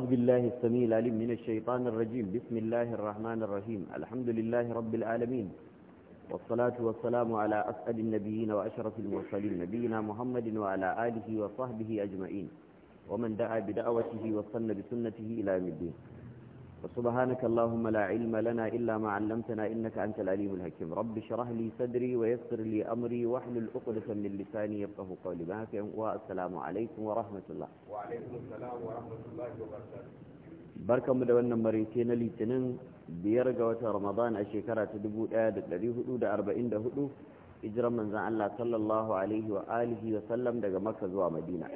أعوذ بالله السميع العليم من الشيطان الرجيم بسم الله الرحمن الرحيم الحمد لله رب العالمين والصلاة والسلام على أسعد النبيين وأشرف المرسلين نبينا محمد وعلى آله وصحبه أجمعين ومن دعا بدعوته وصن بسنته إلى يوم الدين وسبحانك اللهم لا علم لنا إلا ما علمتنا إنك أنت العليم الحكيم رب شرح لي صدري ويسر لي أمري واحلل عقدة من لساني يفقه قولي معك والسلام عليكم ورحمة الله وعليكم السلام ورحمة الله وبركاته barkan mu da wannan تنن na litinin biyar ga watan ramadan a shekara ta 1444 hijiran من Allah الله صلى الله عليه وآله وسلم daga مكة زوا مدينة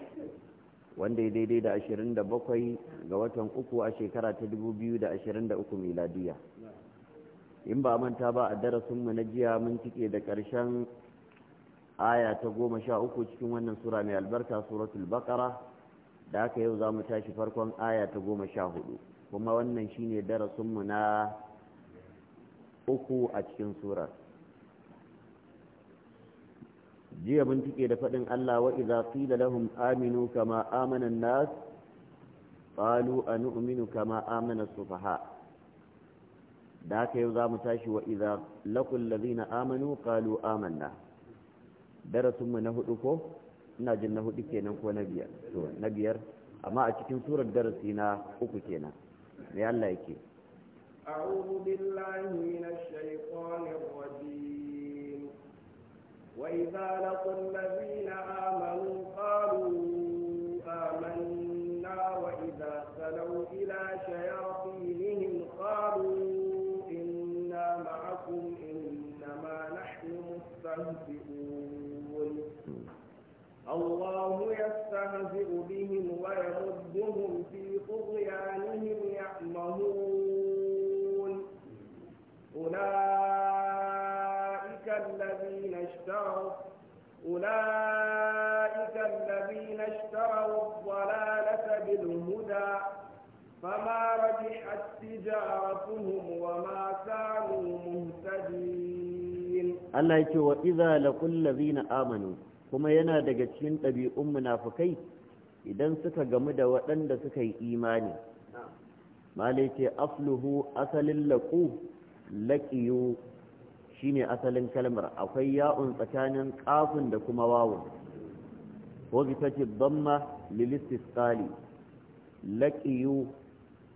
wanda ya daidai da 27 ga watan uku a shekara ta da da uku miladiya in ba manta ba a darasinmu na jiya mun cike da ƙarshen aya ta goma sha uku cikin wannan sura mai albarka suratul baqara da aka yau za mu tashi farkon aya ta goma sha hudu kuma wannan shine darasin mu na uku a cikin surar jiya bincike da faɗin Allah wa idza qila lahum aminu kama amana an-nas qalu anu'minu kama amana as-sufaha da ka yau zamu tashi wa idza laqul ladina amanu qalu amanna darasin mu na hudu ko ina jin na hudu kenan ko na biyar to na biyar amma a cikin surar darasi na uku kenan me Allah yake أعوذ بالله من الشيطان الرجيم وإذا لقوا الذين آمنوا قالوا آمنا وإذا خلوا إلى شياطينهم قالوا إنا معكم إنما نحن مستهزئون الله يستهزئ بهم ويردهم في طغيانهم يعمهون Allah ya ce wa iza يقول وإذا amanu amanu, kuma yana daga cikin ɗabi'un munafukai idan suka gamu da waɗanda suka yi imani malai ce afluhu asalin laƙu laƙiyu shine asalin kalmar akwai ya'un tsakanin ƙafin da kuma wawun ko bisa ce bamma lilistisqali laqiyu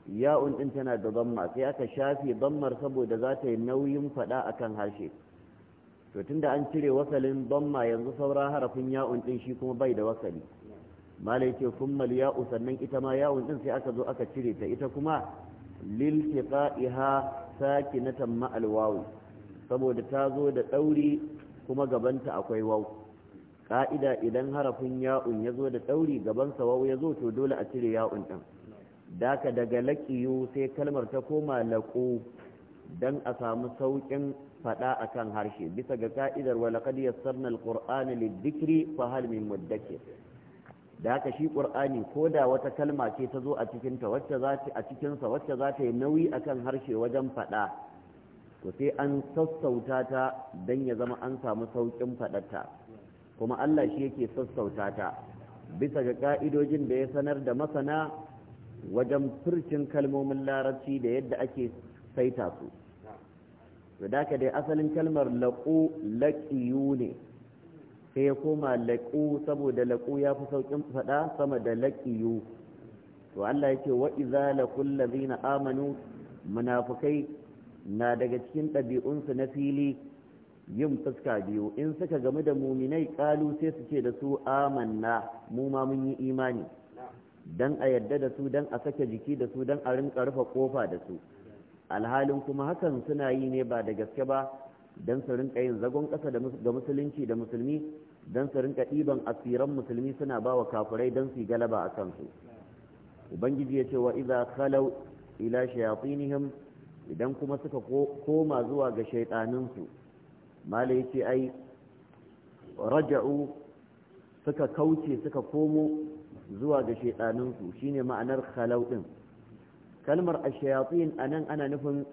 ya'un din tana da damma sai aka shafe dammar saboda za ta yi nauyin faɗa akan harshe to tunda an cire wasalin damma yanzu saura harafin ya'un din shi kuma bai da wasali malai ce kummal ya'u sannan ita ma ya'un din sai aka zo aka cire ta ita kuma lil tiqaiha sakinatan ma'al wawu saboda ta zo da dauri kuma gabanta akwai wawu ka'ida idan harafin ya'un ya zo da gaban gabansa wawu ya zo to dole a cire ya'un din. daka daga laƙiyu sai kalmar ta koma laƙo don a samu sauƙin faɗa akan harshe bisa ga ka'idar walaƙad yassarna alƙur'ani lidhikri fa hal min muddakir da haka shi ƙur'ani ko da wata kalma ce ta zo a cikinta wacce za ta a cikinsa wacce za ta yi nauyi akan harshe wajen faɗa to sai an sassauta ta don ya zama an samu sauƙin faɗarta kuma Allah shi yake sassauta ta bisa ga ka'idojin da ya sanar da masana wajen furcin kalmomin larabci da yadda ake saita su da ka dai asalin kalmar laƙo laƙiyu ne sai ya koma laƙu saboda laƙu ya fi sauƙin faɗa sama da laƙiyu to Allah ya ce wa iza laqul ladina amanu munafikai na daga cikin ɗabi'unsu na fili yin fuska biyu in suka gamu da muminai ƙalu sai su ce da su amanna mu ma mun yi imani dan a yadda da su dan a sake jiki da su dan a rinka rufe kofa da su alhalin kuma hakan suna yi ne ba da gaske ba dan su rinka yin zagon ƙasa ga musulunci da musulmi dan su rinka ɗiban asiran musulmi suna ba wa kafirai dan su galaba a kansu ubangiji ya ce wa iza khalau ila shayatinihim idan kuma suka koma zuwa ga shaiɗaninsu mala ya ce ai raja'u suka kauce suka komo zuwa ga shaiɗanunsu shine ma'anar khalau din kalmar ash-shayatin anan ana nufin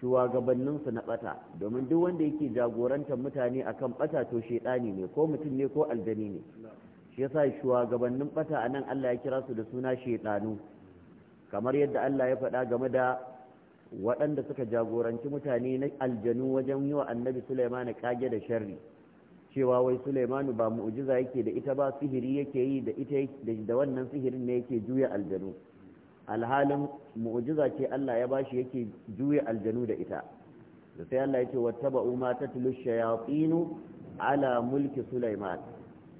shugabanninsu na bata domin duk wanda yake jagorantar mutane akan bata to shaidani ne ko mutum ne ko aljani ne shi yasa shugabannin bata anan Allah ya kira su da suna shaidanu kamar yadda Allah ya faɗa game da waɗanda suka jagoranci mutane na aljanu wajen yi wa annabi Sulaiman kage da sharri cewa wai Sulaimanu ba mu'jiza yake da ita ba sihiri yake yi da ita da wannan sihirin ne yake juya aljanu alhalin mu'jiza ce Allah ya bashi yake juya aljanu da ita da sai Allah yake wattaba'u ma tatlu shayatinu ala mulki Sulaiman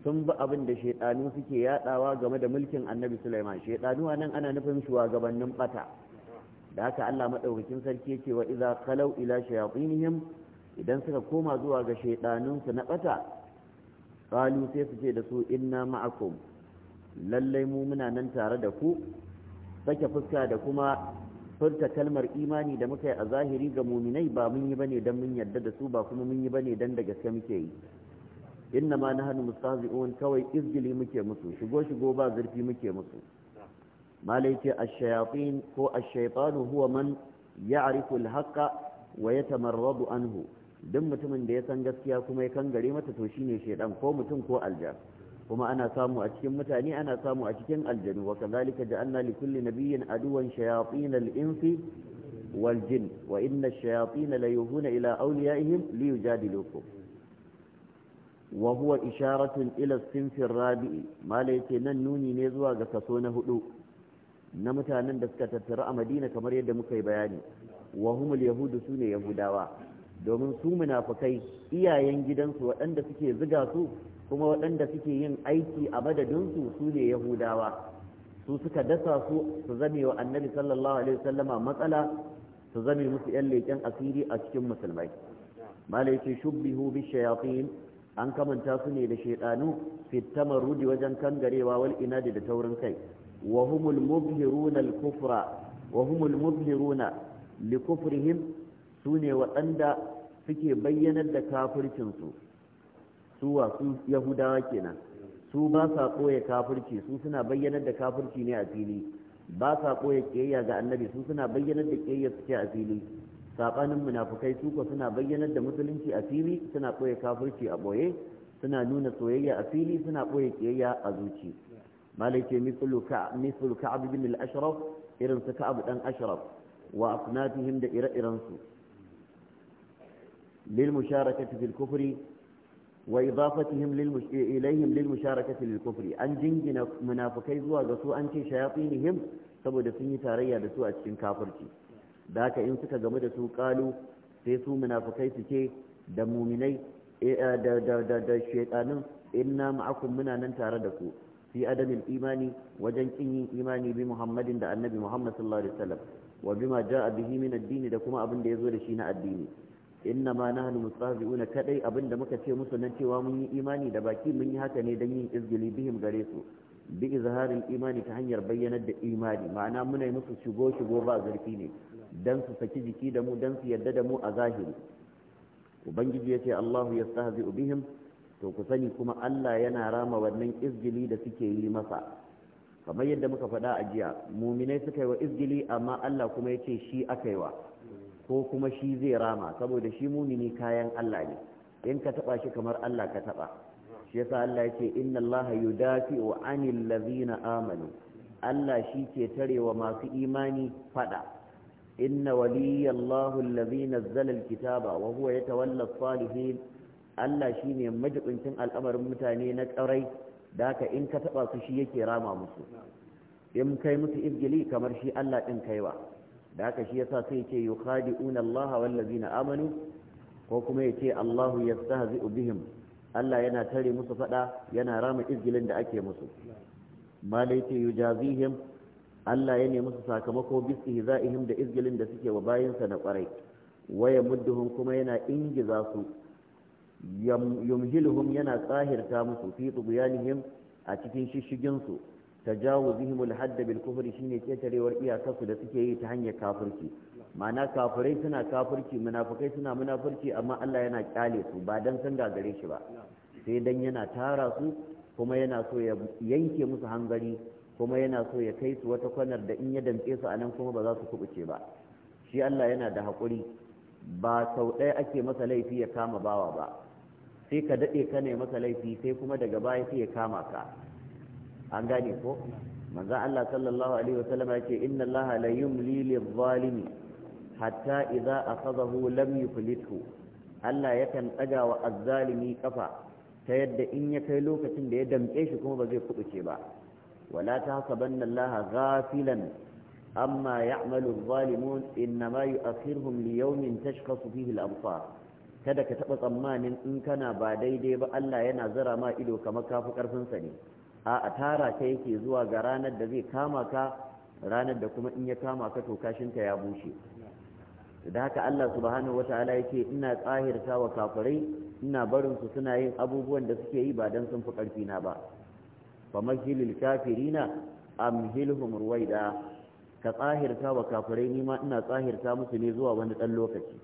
sun bi abin da shaidanu suke yadawa game da mulkin Annabi Sulaiman shaidanu anan ana nufin shugabannin bata da haka Allah madaukakin sarki yake wa idza khalau ila shayatinihim idan suka koma zuwa ga shaidaninsu na ɓata ƙalu sai su ce da su inna ma'akum lallai mu muna nan tare da ku sake fuska da kuma furta kalmar imani da muka yi a zahiri ga muminai ba mun yi bane don mun yarda da su ba kuma mun yi bane don da gaske muke yi inna ma nahnu mustahzi'un kawai izgili muke musu shigo shigo ba zurfi muke musu malai ce ash-shayatin ko ash-shaytanu huwa man ya'rifu al-haqqa wa yatamarradu anhu duk mutumin da ya san gaskiya kuma ya kan gare mata to shine shedan ko mutum ko aljan kuma ana samu a cikin mutane ana samu a cikin aljanu wa kadhalika ja'alna li kulli nabiyyin aduwan shayatin al-insi wal jin wa inna ash-shayatin la yuhuna ila awliyaihim li yujadilukum wa huwa isharatun ila as-sinfi ar-rabi'i mala yace nan nuni ne zuwa ga kaso na hudu na mutanen da suka tattara a Madina kamar yadda muka yi bayani wa humul yahudu sune yahudawa domin su munafukai iyayen gidansu waɗanda suke ziga su kuma waɗanda suke yin aiki a madadinsu su ne yahudawa su suka dasa su su zame wa annabi sallallahu alaihi wasallama matsala su zame musu yan leƙen asiri a cikin musulmai malai ce shubbihu bi shayatin an kamanta su ne da shaidanu fitamar rudi wajen kangarewa wal inadi da taurin kai wa humul mubhiruna al kufra wa humul mubhiruna li kufrihim waɗanda suke bayyanar da kafircinsu su wa su yahudawa kenan su ba sa kafirci su suna bayyanar da kafirci ne a fili ba sa ɓoye kiyayya ga annabi su suna bayyanar da kiyayya su ce a fili saɓanin munafukai su ko suna bayyanar da musulunci a fili suna koya kafirci a boye suna nuna soyayya a fili suna koya kiyayya a zuci malike mislu ka'ab bin al-ashraf irin su ka'ab dan ashraf wa asnafihim da ire-irensu للمشاركة في الكفر وإضافتهم للمش... إليهم للمشاركة الكفر أن جنجنا منافقي زوا دسو أنتي شياطينهم سبو دسيني تاريا دسو أتشن كافرتي ذاك إن سكا جمع دسو قالوا سيسو منافقي سكي دمومني إيه دا دا دا دا الشيطان إنا معكم منا ننتاردكو في أدم الإيمان وجنكين إيماني بمحمد دا النبي محمد صلى الله عليه وسلم وبما جاء به من الدين دكما أبن ديزول شينا الديني inna ma nahnu mustahzi'una kadai abinda muka ce musu nan cewa mun yi imani da baki mun yi haka ne dan yin izgili bihim gare su bi izharil imani ta hanyar bayyanar da imani ma'ana muna yi musu shigo shigo ba zurfi ne dan su saki jiki da mu dan su yadda da mu a zahiri ubangiji yace Allahu yastahzi'u bihim to ku sani kuma Allah yana rama wannan izgili da suke yi masa kamar yadda muka faɗa a jiya muminai suka yi wa izgili amma Allah kuma yace shi aka yi wa ko kuma shi zai rama saboda shi mumini kayan Allah ne in ka taba shi kamar Allah ka taba shi yasa Allah yake inna Allah yudafi'u 'anil ladzina amanu Allah shi ke tarewa masu imani fada inna waliyallahu allazi nazzala alkitaba wa huwa yatawalla salihin Allah shine majibincin al'amarin mutane na ƙarai da haka in ka taba su shi yake rama musu in kai musu izgili kamar shi Allah din kaiwa da haka shi yasa sai yake yukhadi'una Allah wallazina amanu ko kuma ce Allahu yastahzi'u bihim Allah yana tare musu fada yana rama izgilin da ake musu malai ce yujazihim Allah ya nemi su sakamako bistihza'ihim da izgilin da suke wa bayinsa na kwarai waya mudduhum kuma yana ingiza su yumhiluhum yana tsahirta musu fi tughyanihim a cikin shishigin su tajawuzihim alhadd bil kufri shine ketarewar iyakarsu da suke yi ta hanyar kafirci ma'ana kafirai suna kafirci munafikai suna munafirci amma Allah yana kyale su ba dan san gare shi ba sai dan yana tara su kuma yana so ya yanke musu hangari kuma yana so ya kai su wata kwanar da in ya damƙe su anan kuma ba za su kubuce ba shi Allah yana da hakuri ba sau ɗaya ake masa laifi ya kama bawa ba sai ka daɗe ka ne masa laifi sai kuma daga baya sai ya kama ka an gane ko manzo Allah sallallahu alaihi wasallam ya ce inna Allah la yumli lil zalimi hatta idza akhadahu lam yuflithu Allah yakan daga wa azzalimi kafa ta yadda in ya kai lokacin da ya damke shi kuma ba zai kubuce ba wala tahsabanna Allah ghafilan amma ya'malu adh-dhalimun innama yu'akhiruhum li yawmin tashkhasu fihi al-absar kada ka taba tsammanin in kana ba daidai ba Allah yana zara ma ido kamar kafi karfin sa ne a tara ka yake zuwa ga ranar da zai kama ka ranar da kuma in ya kama ka to kashinka ya bushe da haka Allah subhanahu wataala yake ina tsahirta wa kafirai ina barin su suna yin abubuwan da suke yi ba dan sun fi karfi na ba famahilil kafirina amhilhum ruwaida ka tsahirta wa kafirai nima ina tsahirta musu ne zuwa wani dan lokaci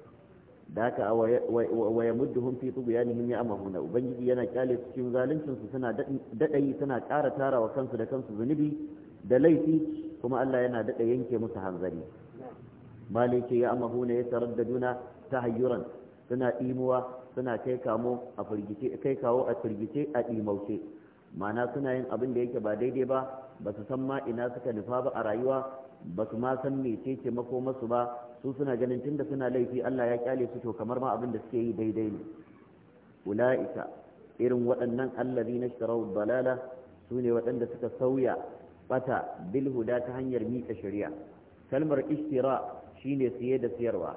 da haka wa ya mudduhum ya amma ya'mahuna ubangiji yana kyale cikin zaluncin su suna dadayi suna ƙara tarawa kansu da kansu zunubi da laifi kuma Allah yana dada yanke musu hanzari amma ya'mahuna ya tahayyuran da imuwa ta kai suna a suna kai kawo a firgice a dimauce mana suna yin abin da yake ba daidai ba ba su san ma ina suka nufa ba a rayuwa ba su ma san mece ce masu ba su suna ganin tun da suna laifi Allah ya kyale su to kamar ma abin da suke yi daidai ne ula'ika irin waɗannan allazi na shirau balala su ne waɗanda suka sauya bata bilhuda ta hanyar miƙa shari'a kalmar ishtira shine siye da siyarwa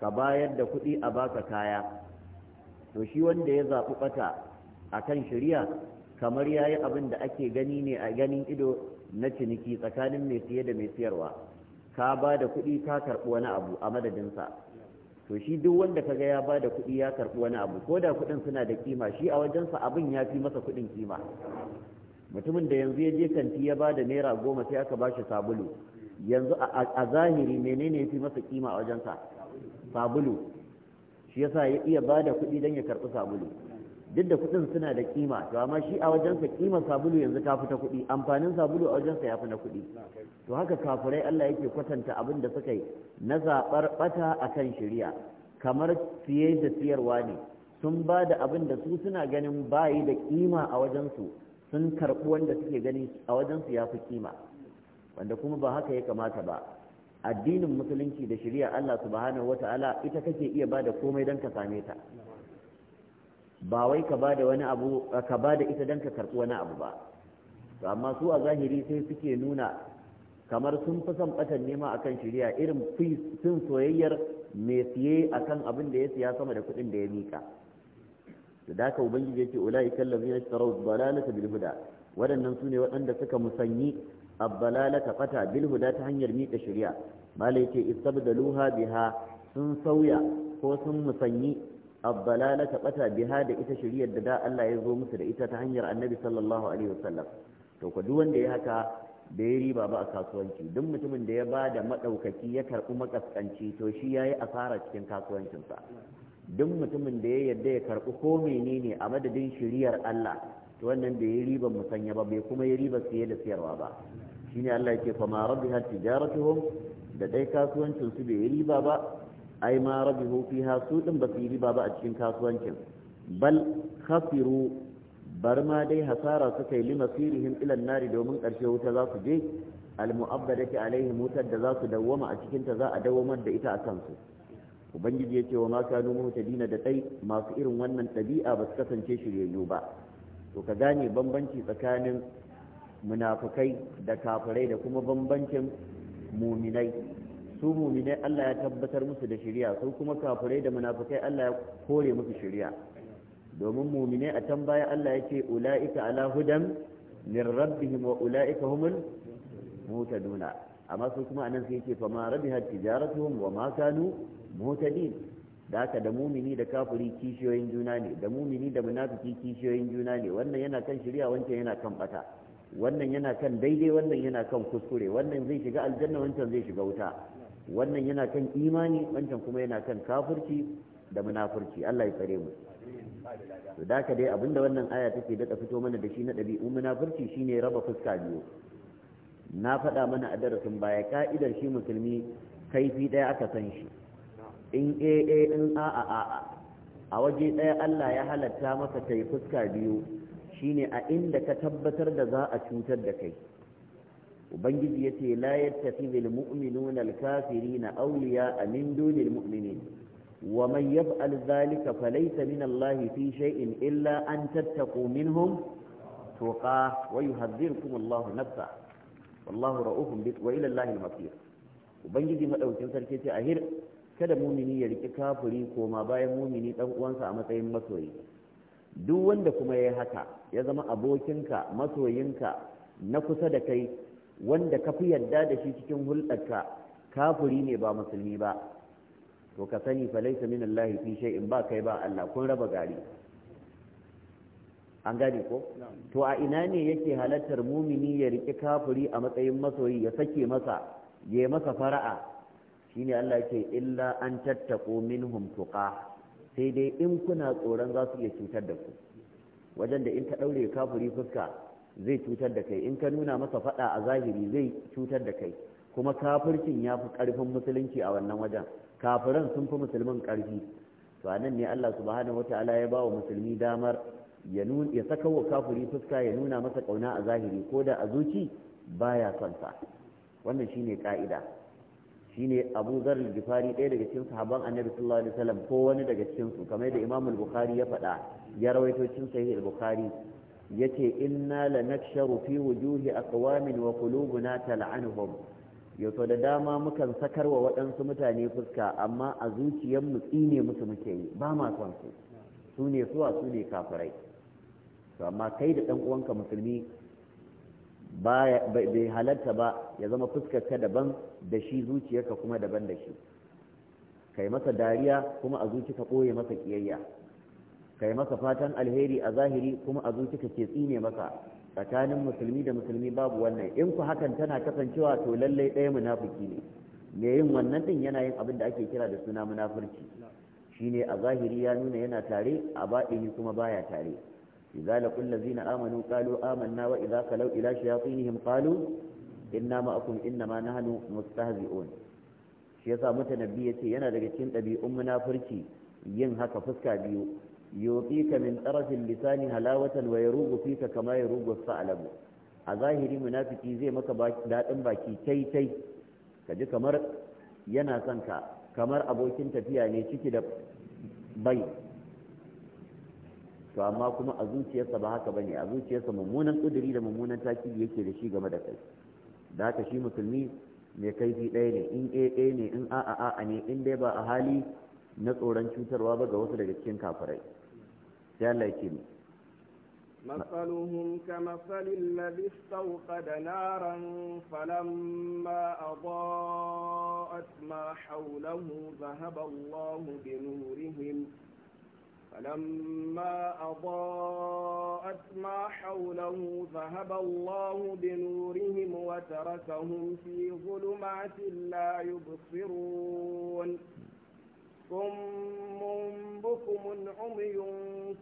ka bayar da kuɗi a baka kaya to shi wanda ya zaɓi bata akan shari'a kamar yayi abin da ake gani ne a ganin ido na ciniki tsakanin mai siye da mai siyarwa ka ba da kuɗi ka karɓi wani abu a madadinsa to shi duk wanda kaga ya ba da kuɗi ya karɓi wani abu ko da kuɗin suna da kima shi a wajensa abin ya fi masa kuɗin kima mutumin da yanzu ya je kanti ya ba da naira goma sai aka ba shi sabulu yanzu a zahiri menene ya fi masa kima a wajensa sabulu shi yasa ya iya ba da kuɗi don ya karɓi sabulu duk da kuɗin suna da kima to amma shi a wajensa kima sabulu yanzu ta fita kuɗi amfanin sabulu a wajensa ya fi na kuɗi to haka kafirai Allah yake kwatanta abin da suka yi na zaɓar ɓata a kan shirya kamar siye da siyarwa ne sun ba da abin da su suna ganin bayi da kima a wajensu sun karɓi wanda suke gani a wajensu ya fi kima wanda kuma ba haka ya kamata ba addinin musulunci da shari'a Allah subhanahu wata'ala ita kake iya ba da komai don ka same ta ba wai ka ba da wani abu ka ba da ita don ka karɓi wani abu ba amma su a zahiri sai suke nuna kamar sun fi son ɓatan nema akan shirya irin sun soyayyar mai siye akan abin da ya siya sama da kuɗin da ya mika da daka ubangiji ya ce ula'i kallabi na shitarau balalata bilhuda waɗannan su ne waɗanda suka musanyi abbalalata fata bilhuda ta hanyar miƙa shirya malai ce istabdaluha biha sun sauya ko sun musanyi abdalala ta bata biha da ita shiriyar da da Allah ya zo musu da ita ta hanyar annabi sallallahu alaihi wasallam to ku duk wanda ya haka da ya riba ba a kasuwanci duk mutumin da ya ba da maɗaukaki ya karɓi makaskanci to shi ya yi asara cikin kasuwancinsa duk mutumin da ya yarda ya karɓi ko menene a madadin shiriyar Allah to wannan da ya riba musanya ba bai kuma ya riba siye da siyarwa ba shine Allah yake fa ma rabbiha tijaratuhum da dai kasuwancin su bai riba ba ai ma rabi fiha su ɗin ba su yi riba ba a cikin kasuwancin bal khasiru bar ma dai hasara suka yi limasirihim ilan nari domin karshe wuta za su je almu'abbadati alaihim wutar da za su dawwama a cikin ta za a dawwamar da ita a kansu ubangiji ya ce wa ma kanu muhtadina da dai masu irin wannan ɗabi'a ba su kasance shiryayyu ba to ka gane bambanci tsakanin munafukai da kafirai da kuma bambancin muminai su mu'minai Allah ya tabbatar musu da shari'a su kuma kafirai da munafikai Allah ya kore musu shari'a domin mu'minai a can baya Allah yake ula'ika ala hudan min rabbihim wa ula'ika humul mutaduna amma su kuma anan sai yake fama rabihat tijaratuhum wa ma kanu mutadin da haka da mumini da kafiri kishiyoyin juna ne da mumini da munafiki kishiyoyin juna ne wannan yana kan shirya wancan yana kan bata wannan yana kan daidai wannan yana kan kuskure wannan zai shiga aljanna wancan zai shiga wuta wannan yana kan imani wancan kuma yana kan kafirci da munafurci Allah ya tsare mu to da ka dai abinda wannan aya take daɗa fito mana da shi na ɗabi'un munafurci shine raba fuska biyu na faɗa mana a darasin baya ka'idar shi musulmi kaifi ɗaya aka san shi in a in a a a a waje ɗaya Allah ya halatta maka kai fuska biyu shine a inda ka tabbatar da za a cutar da kai ubangiji yace la na alkafiri na kafirina a min dunil mu'minin wa man yafi alzalika falaita min Allahi fi shay'in illa an tattaqu minhum tuqa wa yuhadhdhirukum Allahu nafsa wallahu ra'ufun bi wa ila Allahi al-masir ubangiji madaukin sarki ce ahir kada mumini ya riki kafiri koma bayan mumini dan uwansa a matsayin masoyi duk wanda kuma ya haka ya zama abokinka masoyinka na kusa da kai wanda ka fi yadda da shi cikin hulɗarka Kafuri ne ba musulmi ba to ka sani fa laysa min Allah fi shay'in ba kai ba Allah kun raba gari an gane ko to a ina ne yake halattar mumini ya rike kafuri a matsayin masoyi ya sake masa ya masa fara'a shine Allah yake illa an tattaqu minhum tuqa sai dai in kuna tsoron za su iya cutar da ku wajen da in ta ɗaure kafuri fuska zai cutar da kai in ka nuna masa faɗa a zahiri zai cutar da kai kuma kafircin ya fi ƙarfin musulunci a wannan wajen kafiran sun fi musulmin ƙarfi to nan ne Allah subhanahu wataala ya ba wa musulmi damar ya saka wa kafiri fuska ya nuna masa ƙauna a zahiri ko da a zuci baya son sa wannan shine ka'ida shine Abu Dharr al ɗaya daga cikin sahabban Annabi sallallahu alaihi wasallam ko wani daga cikin su kamar da Imam al-Bukhari ya faɗa ya rawaito cikin Sahih al-Bukhari yace inna nakshuru fi wujuhi aqwamin wa qulubuna tal'anuhum yato da dama mukan sakarwa waɗansu mutane fuska amma a zuciyar mu tsine musu muke yi ba ma son su su ne suwa su ne kafirai to amma kai da ɗan uwanka musulmi bai halarta ba ya zama fuskarka daban da shi zuciyarka kuma daban da shi kai masa dariya kuma a zuci ka ɓoye masa kiyayya kai masa fatan alheri a zahiri kuma a ka ke tsine masa tsakanin musulmi da musulmi babu wannan in ku hakan tana kasancewa to lallai ɗaya munafiki ne me yin wannan din yana yin abin da ake kira da suna munafurci shine a zahiri ya nuna yana tare a baɗini kuma baya tare idza laqul ladzina amanu qalu amanna wa idza kalau ila shayatinihim qalu inna ma'akum innama nahnu mustahzi'un shi yasa mutanabbi yace yana daga cikin ɗabi'un munafurci yin haka fuska biyu yutika min tarafin lisani halawatan wa yarugu fika kama yarugu sa'alabu a zahiri munafiki zai maka daɗin baki tai tai kaji kamar yana son ka kamar abokin tafiya ne ciki da bai to amma kuma a zuciyarsa ba haka bane a zuciyarsa mummunan kuduri da mummunan takidi yake da shi game da kai da haka shi musulmi mai kaifi ɗaya ne in a ne in a ne in dai ba a hali na tsoron cutarwa ba ga wasu daga cikin kafirai sai مثلهم كمثل الذي استوقد نارا فلما أضاءت ما حوله ذهب الله بنورهم فلما أضاءت ما حوله ذهب الله بنورهم وتركهم في ظلمات لا يبصرون صم بكم عمي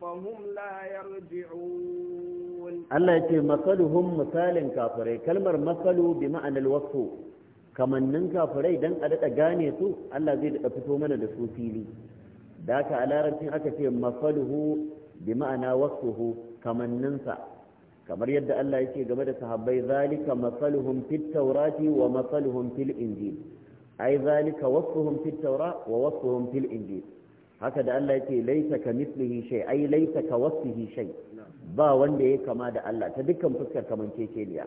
فهم لا يرجعون الله يتي مثلهم مثال كافري كلمة مثل بمعنى الوصف كمن ننكا فري دن أدت أغاني سو الله زيد أفتو من دسو فيلي ذاك على رمتين أكتي مثله بمعنى وصفه كمن ننسى kamar yadda Allah yake game da sahabbai zalika masaluhum fit tawrati wa masaluhum fil injil ai zalika wasfuhum fit tawra wa wasfuhum fil injil haka da Allah yake laisa ka mislihi shay ai laisa ka wasfihi shay ba wanda ya kama da Allah ta dukkan fuskar kekeliya.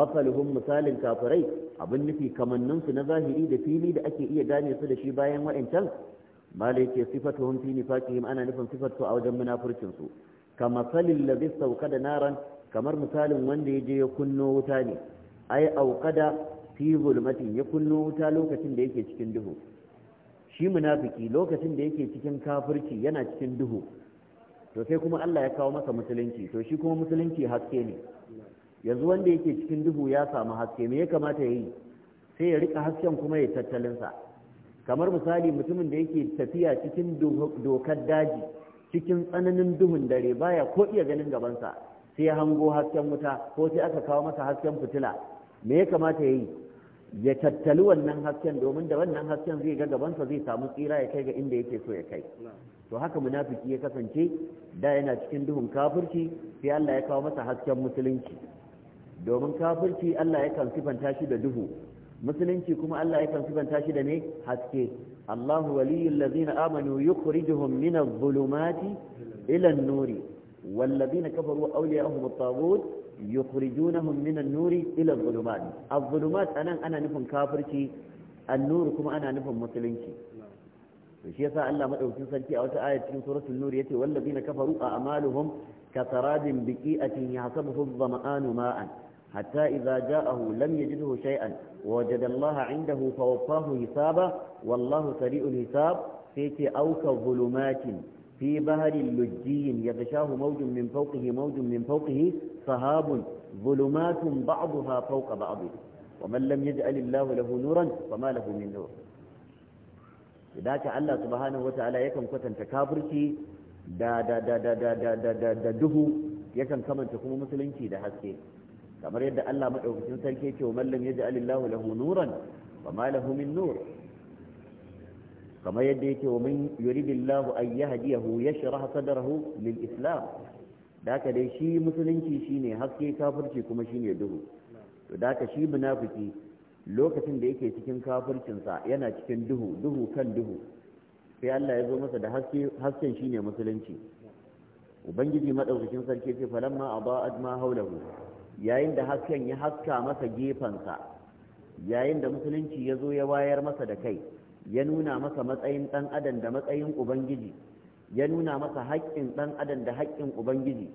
mafaluhum misalin kafirai abin nufi kamannin su na zahiri da fili da ake iya gane su da shi bayan wa'ancan malai ce sifatuhum fi nifaqihim ana nufin sifatu a wajen munafurcin su kama salil ladhi sauqada naran kamar misalin wanda ya je ya kunno wuta ne ai auqada fi zulmatin ya kunno wuta lokacin da yake cikin duhu shi munafiki lokacin da yake cikin kafirci yana cikin duhu to sai kuma Allah ya kawo masa musulunci to shi kuma musulunci haske ne yanzu wanda yake cikin duhu ya samu haske me ya kamata ya yi sai ya rika hasken kuma ya tattalin sa kamar misali mutumin da yake tafiya cikin dokar daji cikin tsananin duhun dare baya ko iya ganin gaban sa sai ya hango hasken wuta ko sai aka kawo masa hasken fitila me ya kamata ya yi ya tattali wannan hasken domin da wannan hasken zai ga gabansa zai samu tsira ya kai ga inda yake so ya kai to haka munafiki ya kasance da yana cikin duhun kafirci sai Allah ya kawo masa hasken musulunci domin kafirci Allah ya kan sifanta shi da duhu musulunci kuma Allah ya kan sifanta shi da ne haske Allahu waliyul ladzina amanu yukhrijuhum min adh-dhulumati ila an-nuri wal ladzina kafaru awliya'uhum at-taghut yukhrijunahum minan nuri ila adh-dhulumat adh-dhulumat anan ana nufin kafirci an-nur kuma ana nufin musulunci to shi yasa Allah madaukakin sarki a wata ayat cikin suratul nur yace wallazina kafaru a amaluhum kasaradin biqi'atin yahsabuhu adh-dhama'anu ma'an حتى إذا جاءه لم يجده شيئا ووجد الله عنده hisaba wallahu والله hisab sai ke auka كظلمات في بحر لجي يغشاه موج من فوقه موج من فوقه صهاب ظلمات بعضها فوق بعض ومن لم يجعل الله له نورا فما له من نور da ta Allah subhanahu wata'ala yakan kwatanta kafirci da da da da da duhu yakan kamanta kuma musulunci da haske kamar yadda Allah madaukakin sarki yake wa man lam yaj'al Allah lahu nuran fama lahu min nur kamar yadda yake wa min yuridillahu an yahdiyahu yashrah sadrahu lil islam daka dai shi musulunci shine haske kafirci kuma shine duhu to daka shi munafiki lokacin da yake cikin kafircinsa yana cikin duhu duhu kan duhu sai Allah ya zo masa da haske hasken shine musulunci ubangiji madaukakin sarki ce falamma aba'at ma haulahu yayin da hasken ya haska masa gefansa yayin da musulunci ya zo ya wayar masa da kai ya nuna masa matsayin ɗan adam da matsayin ubangiji ya nuna masa haƙƙin ɗan adam da haƙƙin ubangiji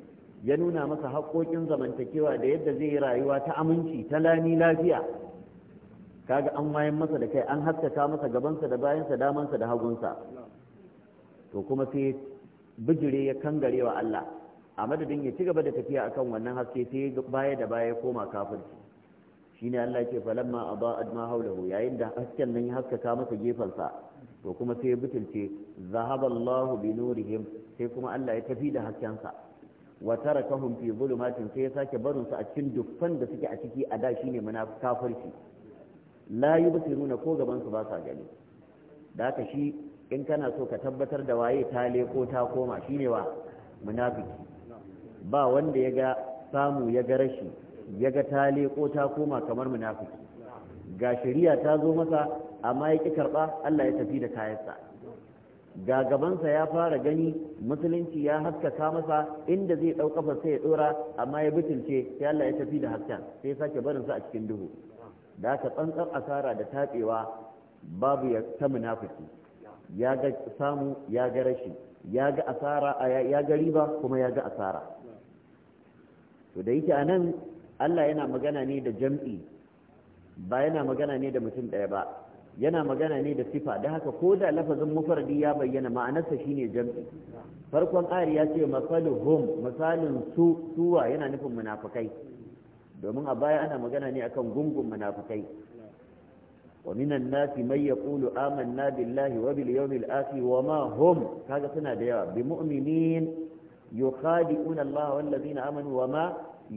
ya nuna masa haƙƙoƙin zamantakewa da yadda zai yi rayuwa ta aminci ta lani lafiya kaga an wayan masa da kai an haskaka masa gabansa da bayansa damansa da hagunsa to kuma sai bijire ya kangarewa Allah a madadin ya ci gaba da tafiya akan wannan haske sai baya da baya koma kafirci shine Allah yake falamma adha'at ma hawlahu yayin da hasken nan ya haskaka masa gefansa to kuma sai ya butulce zahaba Allah bi nurihim sai kuma Allah ya tafi da haskensa wa tarakahum fi zulumatin sai ya sake barin su a cikin dukkan da suke a ciki a da shine munafikafarci la yubsiruna ko gaban su ba sa gani da haka shi in kana so ka tabbatar da waye ta leko ta koma shine wa munafiki ba wanda ya ga samu ya ga rashi ya ga ta leko ta koma kamar munafiki ga shari'a ta zo masa amma ya ƙi karba Allah ya tafi da kayansa ga gabansa ya fara gani musulunci ya haskaka masa inda zai fa sai ya dora amma ya bitince sai Allah ya tafi da hasken sai ya sake sa a cikin duhu da ka tsantsar asara da tatsewa babu ya ta munafiki ya ga samu ya ga rashi ya ga asara ya ga riba kuma ya ga asara to da yake anan Allah yana magana ne da jam'i ba yana magana ne da mutum ɗaya ba yana magana ne da sifa da haka ko da lafazin mufardi ya bayyana ma'anarsa shine jam'i farkon ayar ya ce masaluhum misalin su suwa yana nufin munafikai domin a baya ana magana ne akan gungun munafikai wa minan nasi may yaqulu amanna billahi wa bil yawmil akhir wa ma hum kaga suna da yawa bi mu'minin yukhadi'una Allah wal ladina amanu wa ma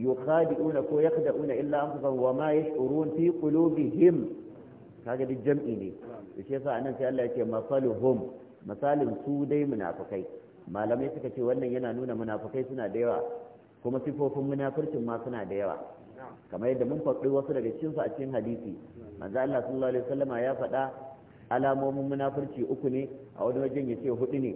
yukhadi'una ko yakhda'una illa anfusahum wa ma yash'urun fi kaga duk jam'i ne to shi yasa anan sai Allah ce masaluhum misalin su dai munafikai malamai suka ce wannan yana nuna munafikai suna da yawa kuma sifofin munafurcin ma suna da yawa kamar yadda mun faɗi wasu daga cikin su a cikin hadisi manzo Allah sallallahu alaihi wasallama ya faɗa alamomin munafurci uku ne a wani wajen ya ce hudu ne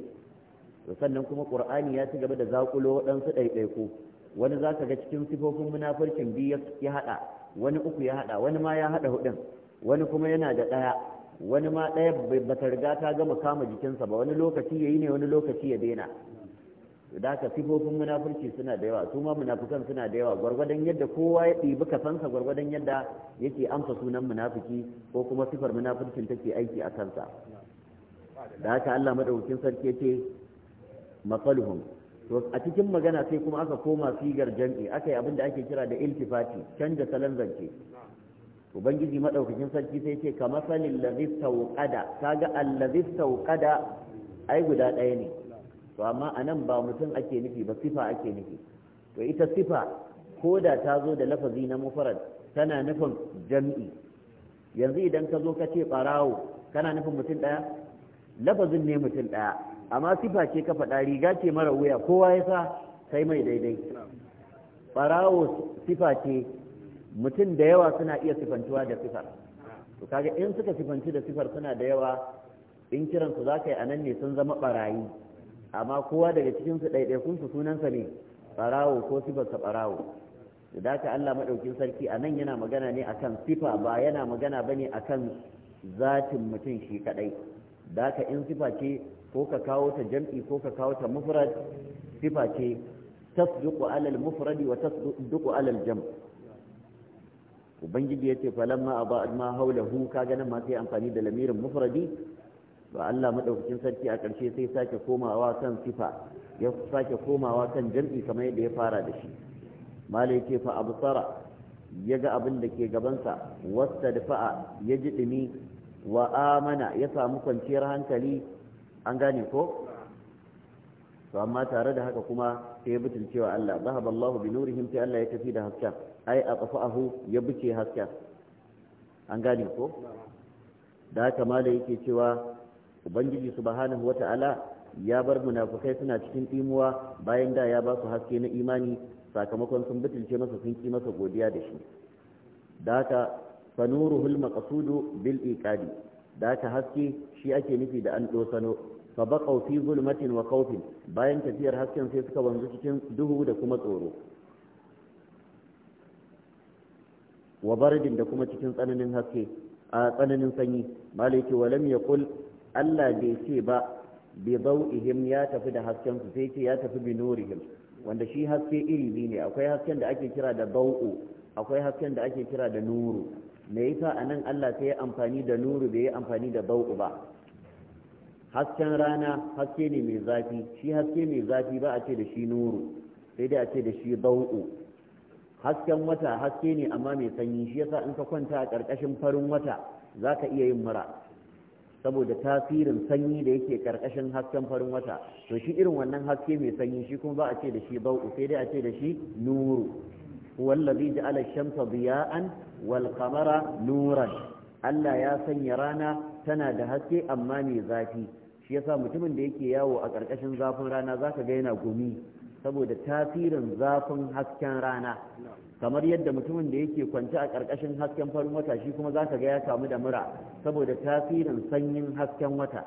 sannan kuma qur'ani ya ci gaba da zakulo waɗansu ɗaiɗaiku wani za ka ga cikin sifofin munafurcin biyu ya haɗa wani uku ya haɗa wani ma ya haɗa hudun wani kuma yana da ɗaya wani ma ɗaya ba ta riga ta gama kama jikinsa ba wani lokaci ya yi ne wani lokaci ya daina da ka sifofin munafurci suna da yawa su ma munafukan suna da yawa gwargwadon yadda kowa ya ɗibi kasansa gwargwadon yadda yake amsa sunan munafuki ko kuma sifar munafurcin take aiki a kansa da haka Allah madaukakin sarki ce masaluhum to a cikin magana sai kuma aka koma sigar jam'i aka yi abin da ake kira da iltifati canja salon zance ubangiji madaukakin sarki sai ce ka masalin ta ga kaga allazif tauqada ai guda ɗaya ne to amma a nan ba mutum ake nufi ba sifa ake nufi to ita sifa ko da ta zo da lafazi na mufarad tana nufin jam'i yanzu idan ka zo ka ce ɓarawo kana nufin mutum ɗaya lafazin ne mutum ɗaya amma sifa ce ka faɗa riga ce mara wuya kowa ya sa sai mai daidai farawo sifa ce mutum da yawa suna iya sifantuwa da sifar to kaga in suka sifanci da sifar suna da yawa in kiransu za ka yi a ne sun zama barayi amma kowa daga cikinsu ɗaiɗaikunsu sunansa ne ɓarawo ko sifarsa ɓarawo da ka Allah maɗaukin sarki a nan yana magana ne akan sifa ba yana magana bane akan zatin mutum shi kaɗai da ka in sifa ce ko ka kawo ta jam'i ko ka kawo ta mufrad sifa ce tasduqu alal mufradi wa tasduqu alal jam' ubangiji yace falamma aba ma haulahu kaga nan ma sai amfani da lamirin mufradi ba Allah madaukakin sarki a ƙarshe sai sake komawa kan sifa ya sake komawa kan jam'i kamar yadda ya fara da shi mala yace fa absara yaga abin da ke gabansa fa'a ya ji dumi wa amana ya samu kwanciyar hankali an gane ko to amma tare da haka kuma sai ya butun cewa Allah zahaba Allahu bi nurihim sai Allah ya tafi da hasken ai a qafahu ya buce hasken an gane ko da haka mala yake cewa ubangiji subhanahu wata'ala ya bar munafukai suna cikin timuwa bayan da ya ba su haske na imani sakamakon sun butulce masa sun ki masa godiya da shi da haka fanuruhul maqsudu bil iqadi da aka haske shi ake nufi da an dosano fa baqaw fi zulmatin wa khawfin bayan tafiyar hasken sai suka wanzu cikin duhu da kuma tsoro wa baridin da kuma cikin tsananin haske a tsananin sanyi malaki wa yaqul Allah bai ce ba bi dawihim ya tafi da hasken su sai ce ya tafi bi nurihim wanda shi haske iri ne akwai hasken da ake kira da bau'u akwai hasken da ake kira da nuru me yasa anan Allah sai ya amfani da nuru bai ya amfani da bau'u ba hasken rana haske ne mai zafi shi haske mai zafi ba a ce da shi nuru sai dai a ce da shi bau'u hasken wata haske ne amma mai sanyi shi yasa in ka kwanta a ƙarƙashin farin wata zaka iya yin mura saboda tasirin sanyi da yake ƙarƙashin hasken farin wata to shi irin wannan haske mai sanyi shi kuma ba a ce da shi bau'u sai dai a ce da shi nuru huwa allazi ja'ala ash-shamsa diya'an wal qamara nuran Allah ya sanya rana tana da haske amma mai zafi shi yasa mutumin da yake yawo a ƙarƙashin zafin rana zaka ga yana gumi saboda tasirin zafin hasken rana kamar yadda mutumin da yake kwance a ƙarƙashin hasken farin wata shi kuma zaka ga ya kamu da mura saboda tasirin sanyin hasken wata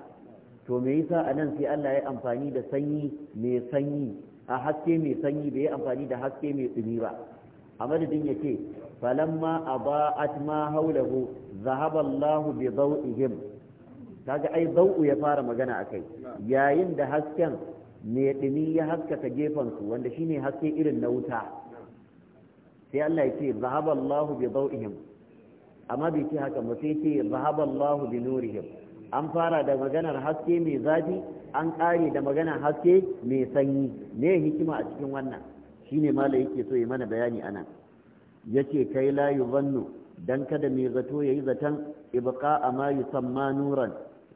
to me yasa a nan sai Allah ya amfani da sanyi mai sanyi a haske mai sanyi bai amfani da haske mai tsumi ba a madadin ya ce falamma aba'at ma haulahu zahaba bi dawihim kaga ai zau'u ya fara magana akai yayin da hasken mai dumi ya haskaka gefen su wanda shine haske irin na wuta sai Allah ya ce zahaba Allahu bi dawihim amma bai ce haka ba sai ce zahaba Allahu bi nurihim an fara da maganar haske mai zafi an ƙare da maganar haske mai sanyi me hikima a cikin wannan shi shine mala yake so ya mana bayani anan yake kai la banno dan kada mai zato ya yayi zatan ibqa mayu yusamma nuran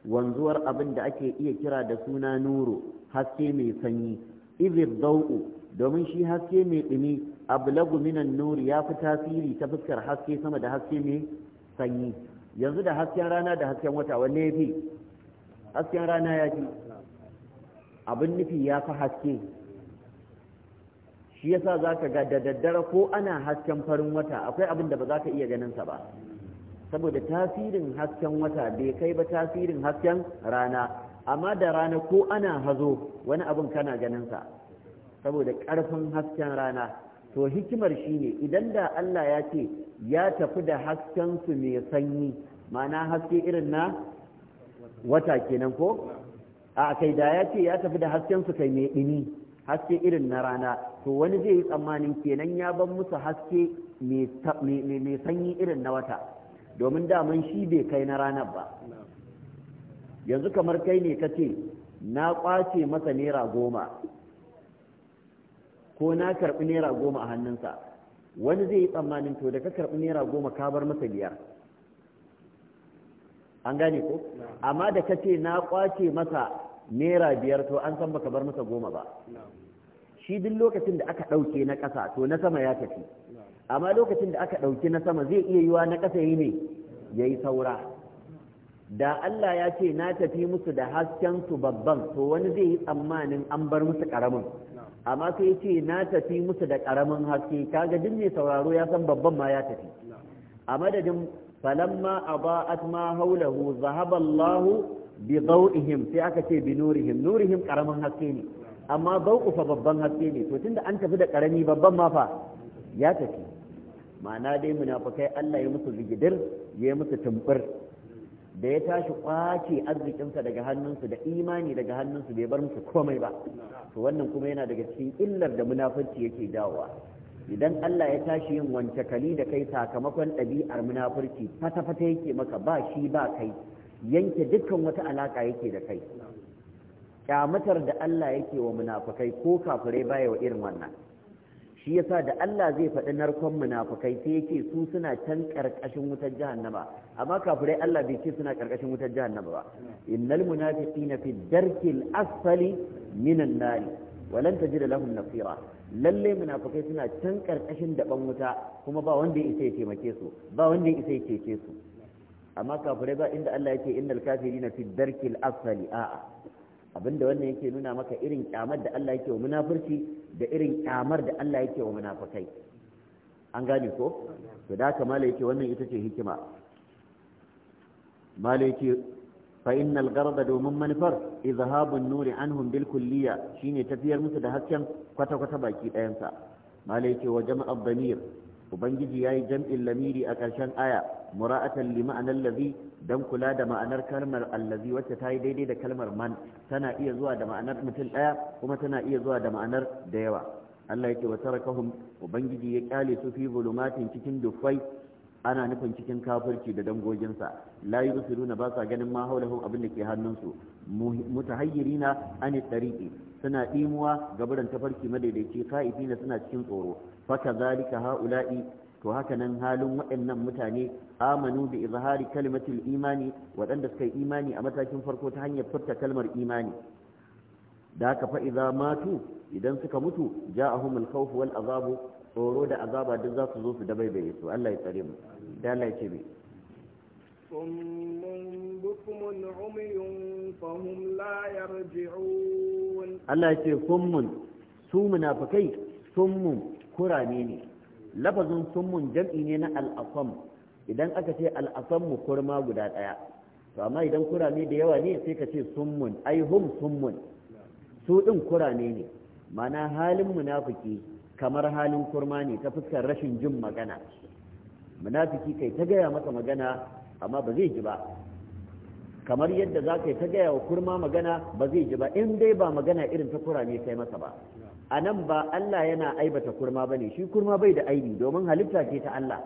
wanzuwar abin da ake iya kira da suna nuru haske mai sanyi izid dau'u domin shi haske mai dumi ablagu minan nuri ya fi tasiri ta fuskar haske sama da haske mai sanyi yanzu da hasken rana da hasken wata wanne ya fi hasken rana ya fi abin nufi ya fi haske shi yasa zaka ga da daddare ko ana hasken farin wata akwai abin da ba za ka iya ganin sa ba saboda tasirin hasken wata bai kai ba tasirin hasken rana amma da rana ko ana hazo wani abin kana ganin sa saboda ƙarfin hasken rana to hikimar shine idan da Allah ya ce ya tafi da hasken su mai sanyi ma'ana haske irin na wata kenan ko a kai da ya ce ya tafi da hasken su kai mai dini haske irin na rana to wani zai yi tsammanin kenan ya ban musu haske mai sanyi irin na wata domin daman shi bai kai na ranar ba yanzu kamar kai ne ka ce na kwace masa naira goma ko na karɓi naira goma a hannunsa wani zai yi tsammanin to da ka karɓi naira goma ka bar masa biyar an gane ko amma da ka ce na kwace masa naira biyar to an san baka bar masa goma ba shi duk lokacin da aka ɗauke na ƙasa to na sama ya tafi amma lokacin da aka ɗauki na sama zai iya yiwa na ƙasa yi ne ya yi saura da Allah ya ce na tafi musu da hasken su babban to wani zai yi tsammanin an bar musu ƙaramin amma sai ya ce na tafi musu da ƙaramin haske kaga duk mai sauraro ya san babban ma ya tafi a madadin falamma aba'at ma haulahu zahaballahu Allahu bi sai aka ce bi nurihim nurihim ƙaramin haske ne amma zauku babban haske ne to tunda an tafi da karami babban ma fa ya tafi ma'ana dai munafukai Allah ya musu zigidir ya musu tumbur da ya tashi kwace arzikinsa daga hannunsu da imani daga hannunsu bai bar musu komai ba to wannan kuma yana daga cikin illar da munafurci yake dawowa idan Allah ya tashi yin wance kali da kai sakamakon ɗabi'ar munafurci fata-fata yake maka ba shi ba kai yanke dukkan wata alaka yake da kai kyamatar da Allah yake wa munafakai ko kafirai baya wa irin wannan shi yasa da Allah zai faɗi narkon munafukai sai yake su suna can ƙarƙashin wutar jahannama amma kafirai Allah bai ce suna ƙarƙashin wutar jahannama ba innal munafiqina fi darkil asfali minan nar walan tajid lahum nasira lalle munafakai suna can ƙarƙashin daban wuta kuma ba wanda ya isa ya taimake su ba wanda ya isa ya cece su amma kafirai ba inda Allah yake innal kafirina fi darkil asfali a'a abinda wannan yake nuna maka irin kyamar da Allah yake wa munafurci da irin kyamar da Allah yake wa munafukai an gane ko to da haka malai yake wannan ita ce hikima malai yake fa innal gharada domin manufar izhabun nuri anhum bil kulliya shine tafiyar musu da hasken kwata kwata baki ɗayansa malai yake wa jama'a ubangiji yayi jam'in lamiri a ƙarshen aya mura'atan li ma'anar allazi don kula da ma'anar kalmar allazi wacce ta yi daidai da kalmar man tana iya zuwa da ma'anar mutum ɗaya kuma tana iya zuwa da ma'anar da yawa Allah yake wa tarakahum ubangiji ya kyale su fi zulumatin cikin dufai ana nufin cikin kafirci da dangoginsa la yubsiruna ba sa ganin ma haulahum abin da ke hannunsu mutahayyirina an tariqi suna dimuwa gaburan tafarki madaidaici ka'ifina suna cikin tsoro faka zalika haula'i to haka nan halin waɗannan mutane amanu bi izhari kalimatul imani waɗanda suka yi imani a matakin farko ta hanyar furta kalmar imani da haka fa idza matu idan suka mutu ja'ahumul khawf wal azabu tsoro da azaba duk za su zo su dabaibaye su Allah ya tsare mu da Allah ya ce فهم لا يرجعون الله يقول صم سو منافقي صم كراميني لفظ صم جمعينينا الأصم idan aka ce al'asammu kurma guda ɗaya to amma idan kurane da yawa ne sai ka ce summun ai summun su ɗin kurane ne mana halin munafuki kamar halin kurma ne ta fuskar rashin jin magana munafuki kai ta gaya masa magana amma ba zai ji ba kamar yadda za ka yi ta gaya wa kurma magana ba zai ji ba in dai ba magana irin ta kurame kai masa ba a nan ba Allah yana aibata kurma ba ne shi kurma bai da aibi domin halitta ce ta Allah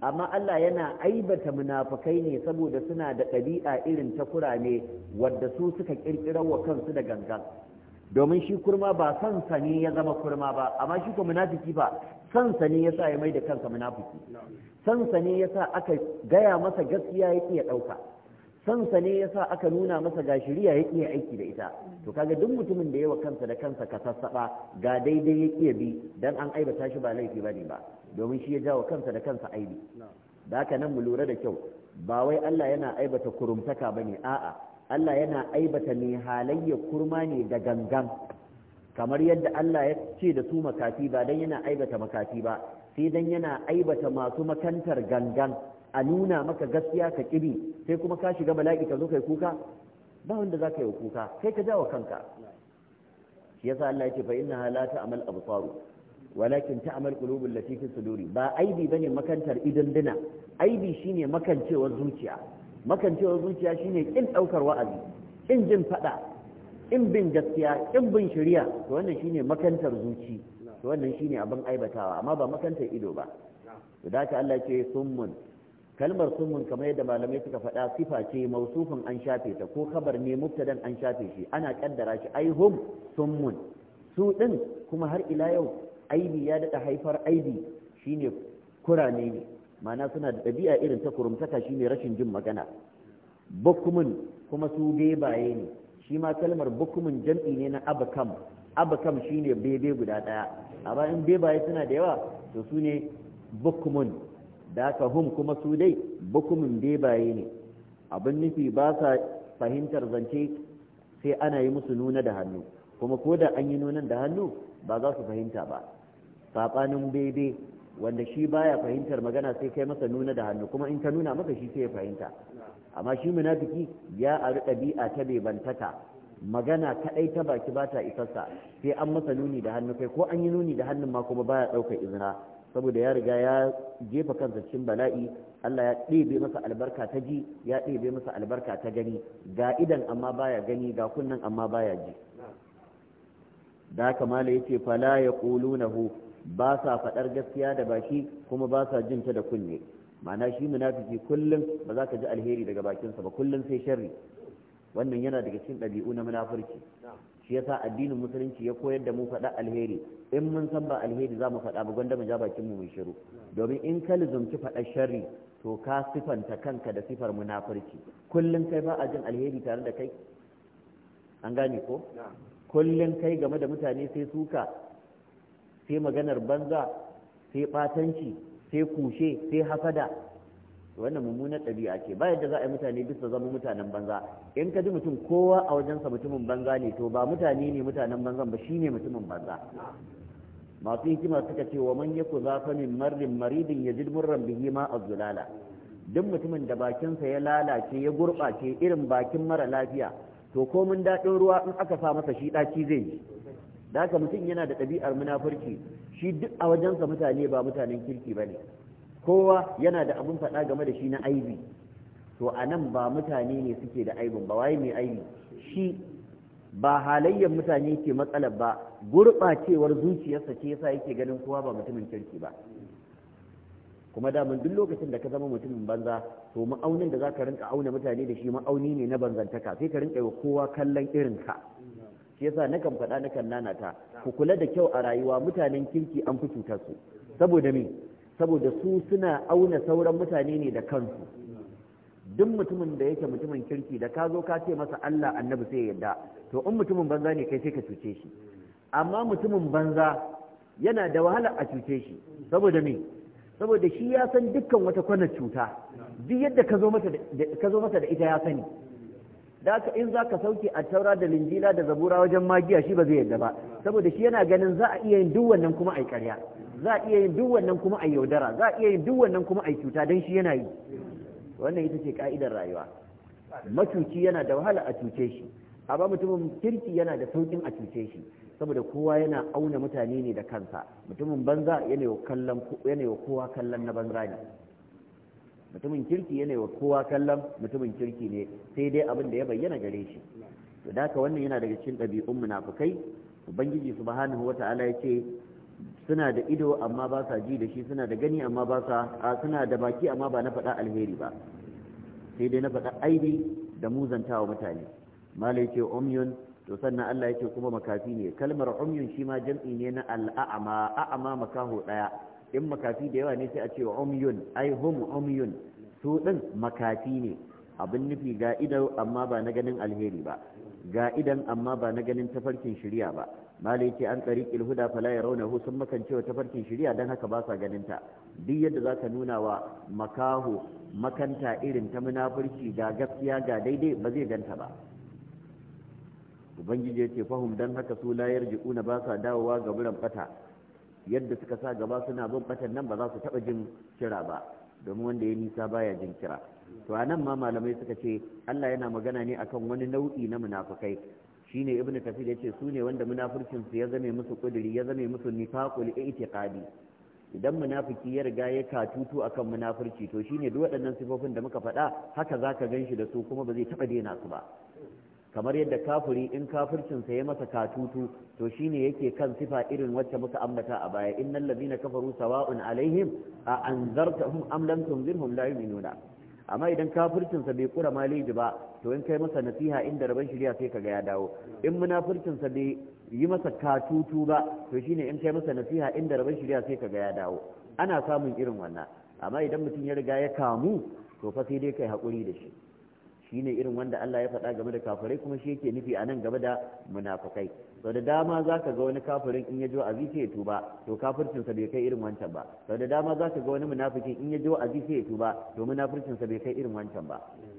amma Allah yana aibata munafukai ne saboda suna da ɗabi'a irin ta kurame wadda su suka ƙirƙirar wa kansu da gangan domin shi kurma ba son sa ya zama kurma ba amma shi ko munafiki ba son sa ya sa ya mai da kansa munafiki son sa ya yasa aka gaya masa gaskiya ya iya ɗauka kansa ne ya sa aka nuna masa ga shiriya ya iya aiki da ita to kaga duk mutumin da yawa kansa da kansa ka sassaɓa ga daidai ya iya bi dan an aibata shi ba laifi bane ba domin shi ya ja wa kansa da kansa aibi da haka nan mu lura da kyau ba wai Allah yana aibata kurumtaka bane a'a Allah yana aibata ne halayya kurma ne da gangan kamar yadda Allah ya ce da su makafi ba dan yana aibata makafi ba sai dan yana aibata masu makantar gangan a nuna maka gaskiya ka kiri sai kuma ka shiga bala'i ka zo kai kuka ba wanda za ka yi kuka kai ka jawo kanka shi yasa Allah ya ce fa inna la ta'mal absaru walakin ta'mal qulubul lati fi suduri ba aibi bane makantar idan dina aibi shine makancewar zuciya makancewar zuciya shine kin daukar wa'azi kin jin fada in bin gaskiya in bin shari'a to wannan shine makantar zuci to wannan shine abin aibatawa amma ba makantar ido ba to da Allah ce summun kalmar summun kamar yadda malamai suka faɗa sifa ce mausufin an shafe ta ko kabar ne mubtadan an shafe shi ana kaddara shi ai hum summun su din kuma har ila yau aibi ya dada haifar aibi shine kurane ne ma'ana suna da ɗabi'a irin ta kurumtaka shine rashin jin magana bukumun kuma su bebaye ne shi ma kalmar bukumun jam'i ne na abakam abakam shine bebe guda ɗaya amma in bebaye suna da yawa to su ne bukumun da ka hum kuma su dai bukumin bebaye ne abin nufi ba sa fahimtar zance sai ana yi musu nuna da hannu kuma ko da an yi nunan da hannu ba za su fahimta ba saɓanin bebe wanda shi baya fahimtar magana sai kai masa nuna da hannu kuma in ka nuna maka shi sai ya fahimta amma shi munafiki ya ari ɗabi'a ta bebantaka magana kaɗai ta baki ba ta isarsa sai an masa nuni da hannu kai ko an yi nuni da hannun ma kuma baya ɗaukar izina saboda ya riga ya jefa kansa cikin bala'i Allah ya ɗebe masa albarka ta ji ya ɗebe masa albarka ta gani ga idan amma baya gani ga kunnan amma baya ji da haka ya ce, fala ya yaqulunahu ba sa faɗar gaskiya da baki kuma ba sa jin ta da kunne ma'ana shi munafiki kullum ba za ka ji alheri daga bakinsa ba kullum sai sharri wannan yana daga cikin ɗabi'u na munafurci shi yasa addinin musulunci ya koyar da mu faɗa alheri in mun san ba alheri za mu faɗa ba gwanda mu ja bakin mu mu shiru domin in ka lizumci faɗa sharri to ka sifanta kanka da sifar munafurci kullum kai ba a jin alheri tare da kai an gane ko kullum kai game da mutane sai suka sai maganar banza sai ɓatanci sai kushe sai hafada. wannan mummunar ɗabi'a ce ba yadda za a yi mutane bisa zama mutanen banza in ka ji mutum kowa a wajensa mutumin banza ne to ba mutane ne mutanen banza ba shi ne mutumin banza masu hikima suka ce wa man yaku min marrin maridin ya murran bihi ma zulala duk mutumin da bakinsa ya lalace ya gurɓace irin bakin mara lafiya to ko mun daɗin ruwa in aka sa masa shi ɗaki zai yi da haka mutum yana da ɗabi'ar munafurci shi duk a wajensa mutane ba mutanen kirki ba ne kowa yana da abun faɗa game da shi na aibi to a nan ba mutane ne suke da aibin ba waye mai aibi shi ba halayyar mutane ke matsalar ba gurɓacewar zuciyarsa ce yasa yake ganin kowa ba mutumin kirki ba kuma daman duk lokacin da ka zama mutumin banza to ma'aunin da za ka rinka auna mutane da shi ma'auni ne na banzantaka sai ka rinka wa kowa kallon irin ka shi yasa nakan faɗa nakan nanata ku kula da kyau a rayuwa mutanen kirki an fi cutar su saboda me saboda su suna auna sauran mutane ne da kansu duk mutumin da yake mutumin kirki da ka zo ka ce masa Allah annabi sai yadda to in mutumin banza ne kai sai ka cuce shi amma mutumin banza yana da wahala a cuce shi saboda me saboda shi ya san dukkan wata kwana cuta duk yadda ka zo masa ka zo masa da ita ya sani da haka in za ka sauke a taura da linjila da zabura wajen magiya shi ba zai yadda ba saboda shi yana ganin za a iya yin duk wannan kuma a yi ƙarya za a iya yin duk wannan kuma a yaudara za a iya yin duk wannan kuma a cuta don shi yana yi wannan ita ce ka'idar rayuwa macuci yana da wahala a cuce shi amma mutumin kirki yana da saukin a cuce shi saboda kowa yana auna mutane ne da kansa mutumin banza yana wa kowa kallon na banza ne mutumin kirki yana wa kowa kallon mutumin kirki ne sai dai abin da ya bayyana gare shi to da wannan yana daga cikin ɗabi'un munafukai ubangiji subhanahu wata'ala ya ce suna da ido amma ba sa ji da shi suna da gani amma ba sa suna da baki amma ba na faɗa alheri ba sai dai na faɗa aibi da wa mutane malai ce umyun to sannan Allah yake kuma makafi ne kalmar umyun shi ma jam'i ne na al'a'ama a'ama makaho daya in makafi da yawa ne sai a ce umyun ai hum umyun su din makafi ne abin nufi ga ido amma ba na ganin alheri ba ga idan amma ba na ganin tafarkin shirya ba mali ce an tsari huda fala ya yarawnahu sun makance wa tafarkin shirya dan haka ba sa ganin ta duk yadda za ka nuna wa makaho makanta irin ta munafurci ga gaskiya ga daidai ba zai ganta ba ubangiji yake fahum dan haka su la una ba sa dawowa ga buran fata yadda suka sa gaba suna bin fatan nan ba za su taɓa jin kira ba domin wanda ya nisa baya jin kira to a nan ma malamai suka ce Allah yana magana ne akan wani nau'i na munafukai shine ibn kafir yace su ne wanda munafurcin su ya zame musu kudiri ya zame musu nifaqul i'tiqadi idan munafiki ya riga ya katutu akan munafurci to shine duk waɗannan sifofin da muka faɗa haka zaka ganshi da su kuma ba zai taɓa daina su ba kamar yadda kafuri in kafircin sa ya masa katutu to shine yake kan sifa irin wacce muka ambata a baya innal ladina kafaru sawa'un alaihim a anzartahum am lam tunzirhum la yu'minuna amma idan kafircinsa bai kura maliji ba to in kai masa nasiha inda rabon shirya sai kaga ya dawo in munafircinsa bai yi masa katutu ba to shine in kai masa nasiha inda rabon shirya sai kaga ya dawo ana samun irin wannan amma idan mutum ya riga ya kamu to fa sai dai kai hakuri da shi shine irin wanda Allah ya faɗa game da kafirai kuma shi yake nufi anan nan game da munafikai sau da dama za ka ga wani kafirin in ya jo a sai ya tuba to kafircinsa bai kai irin wancan ba sau da dama za ka ga wani munafikin in ya jo a sai ya tuba to munafircinsa bai kai irin wancan ba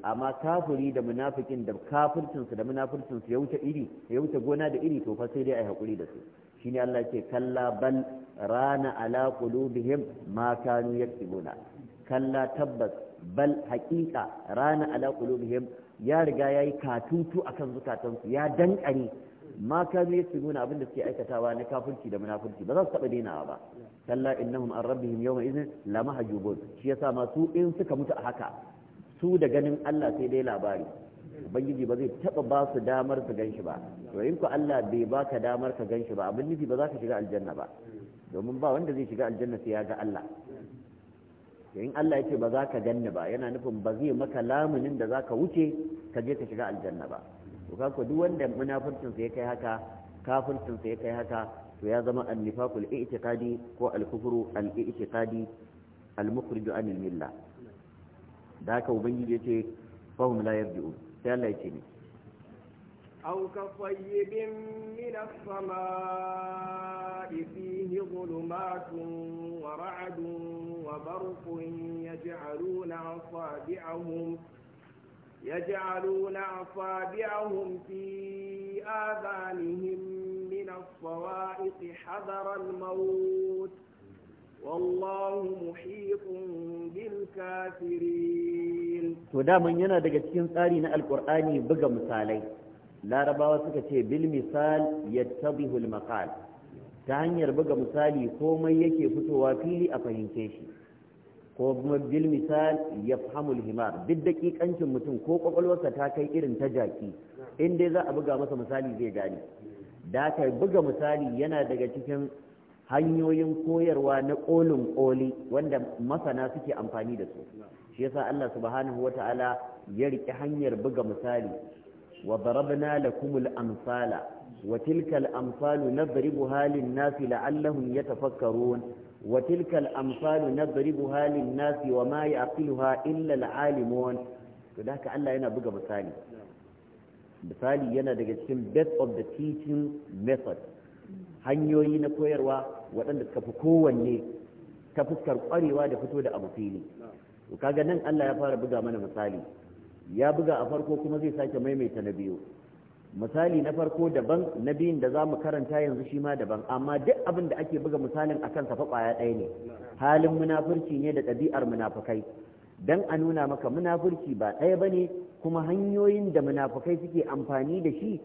amma kafiri da munafikin da kafircinsa da munafircinsa ya wuce iri ya wuce gona da iri to fa sai dai a yi hakuri da su shine Allah ce kalla bal rana ala qulubihim ma kanu yaktubuna kalla tabbas bal haqiqa rana ala qulubihim ya riga yayi katutu akan zukatansu ya dankare ma kanu yasmuna abin da suke aikatawa na kafirci da munafurci ba za su taba wa ba kalla innahum an rabbihim yawma idhin la mahjubun shi yasa ma su in suka mutu a haka su da ganin Allah sai dai labari ubangiji ba zai taba ba su damar su ganshi ba to in ku Allah bai baka damar ka ganshi ba abin nufi ba za ka shiga aljanna ba domin ba wanda zai shiga aljanna sai ya ga Allah in Allah ya ce ba za ka ganni ba yana nufin ba zai maka lamunin da za ka wuce ka je ka shiga aljanna ba to kaka duk wanda munafircin sa ya kai haka kafircin sa ya kai haka to ya zama annifakul i'tiqadi ko al-kufru al-i'tiqadi al-mukhrij an al-milla da haka ubangiji yace fahum la yarji'un sai Allah yace min as-samaa'i fihi السماء wa ra'dun wa barqun yaj'aluna asabi'ahum يجعلون أصابعهم في آذانهم من الصوائق حذر الموت والله محيط بالكافرين mun yana daga cikin tsari na alqur'ani buga misalai larabawa suka ce bil misal yattabihu al maqal ta hanyar buga misali komai yake fitowa fili a fahimce shi ko kuma bil misal ya fahamul himar duk dakikancin mutum ko kwakwalwarsa ta kai irin ta jaki in dai za a buga masa misali zai gane da ka buga misali yana daga cikin hanyoyin koyarwa na kolin koli wanda masana suke amfani da su shi yasa Allah subhanahu wata'ala ya riƙe hanyar buga misali wa darabna lakumul amsala wa tilkal amsalu nadribuha lin nasi la'allahum yatafakkarun وتلك الأمثال نضربها للناس وما يعقلها إلا العالمون فذاك الله ينا بقى مثالي misali yana daga cikin best of the teaching method hanyoyi na koyarwa waɗanda suka fi kowanne ta fuskar ƙwarewa da fito da abu fili kaga nan Allah ya fara buga mana misali ya buga a farko kuma zai sake maimaita na biyu misali na farko daban na biyun da za mu karanta yanzu shi ma daban amma duk abin da ake buga misalin a kan safa ƙwaya ɗaya ne halin munafurci ne da ɗabi'ar munafukai don a nuna maka munafurci ba ɗaya ba ne kuma hanyoyin da munafukai suke amfani da shi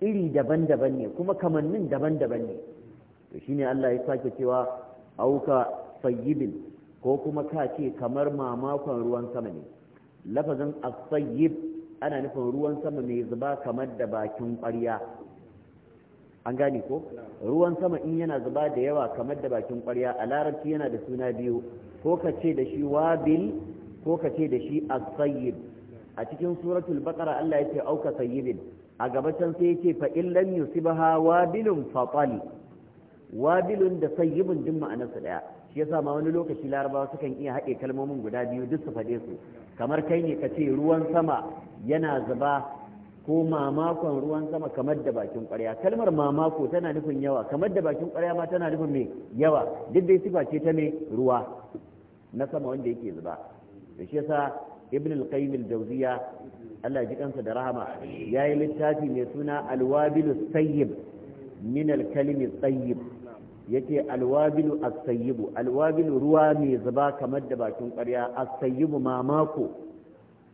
iri daban-daban ne kuma kamannin daban-daban ne to shi ne Allah ya sake cewa auka fayyibin ko kuma ka ce kamar mamakon ruwan sama ne lafazin asayyib ana nufin ruwan sama mai zuba kamar da bakin kwarya an gane ko ruwan sama in yana zuba da yawa kamar da bakin kwarya a larabci yana da suna biyu ko ka ce da shi wabil ko ka ce da shi asayyib a cikin suratul baqara Allah ya ce auka sayyibin a gabatan sai ya ce fa in lam yusibha wabilun fa wabilun da sayyibun din ma'anarsa daya shi yasa ma wani lokaci larabawa sukan iya haɗe kalmomin guda biyu duk su faɗe su kamar kai ne ka ce ruwan sama yana zuba ko mamakon ruwan sama kamar da bakin ƙwarya kalmar mamako tana nufin yawa kamar da bakin ƙwarya ma tana nufin mai yawa duk dai sifa ce ta mai ruwa na sama wanda yake zuba da shi yasa ibn al-qayyim al-jawziya Allah ji kansa da rahama yayi littafi mai suna al-wabilus sayyib min al-kalimi sayyib yake alwabilu asayibu alwabilu ruwa mai zuba kamar da bakin ƙarya asayibu ma mamako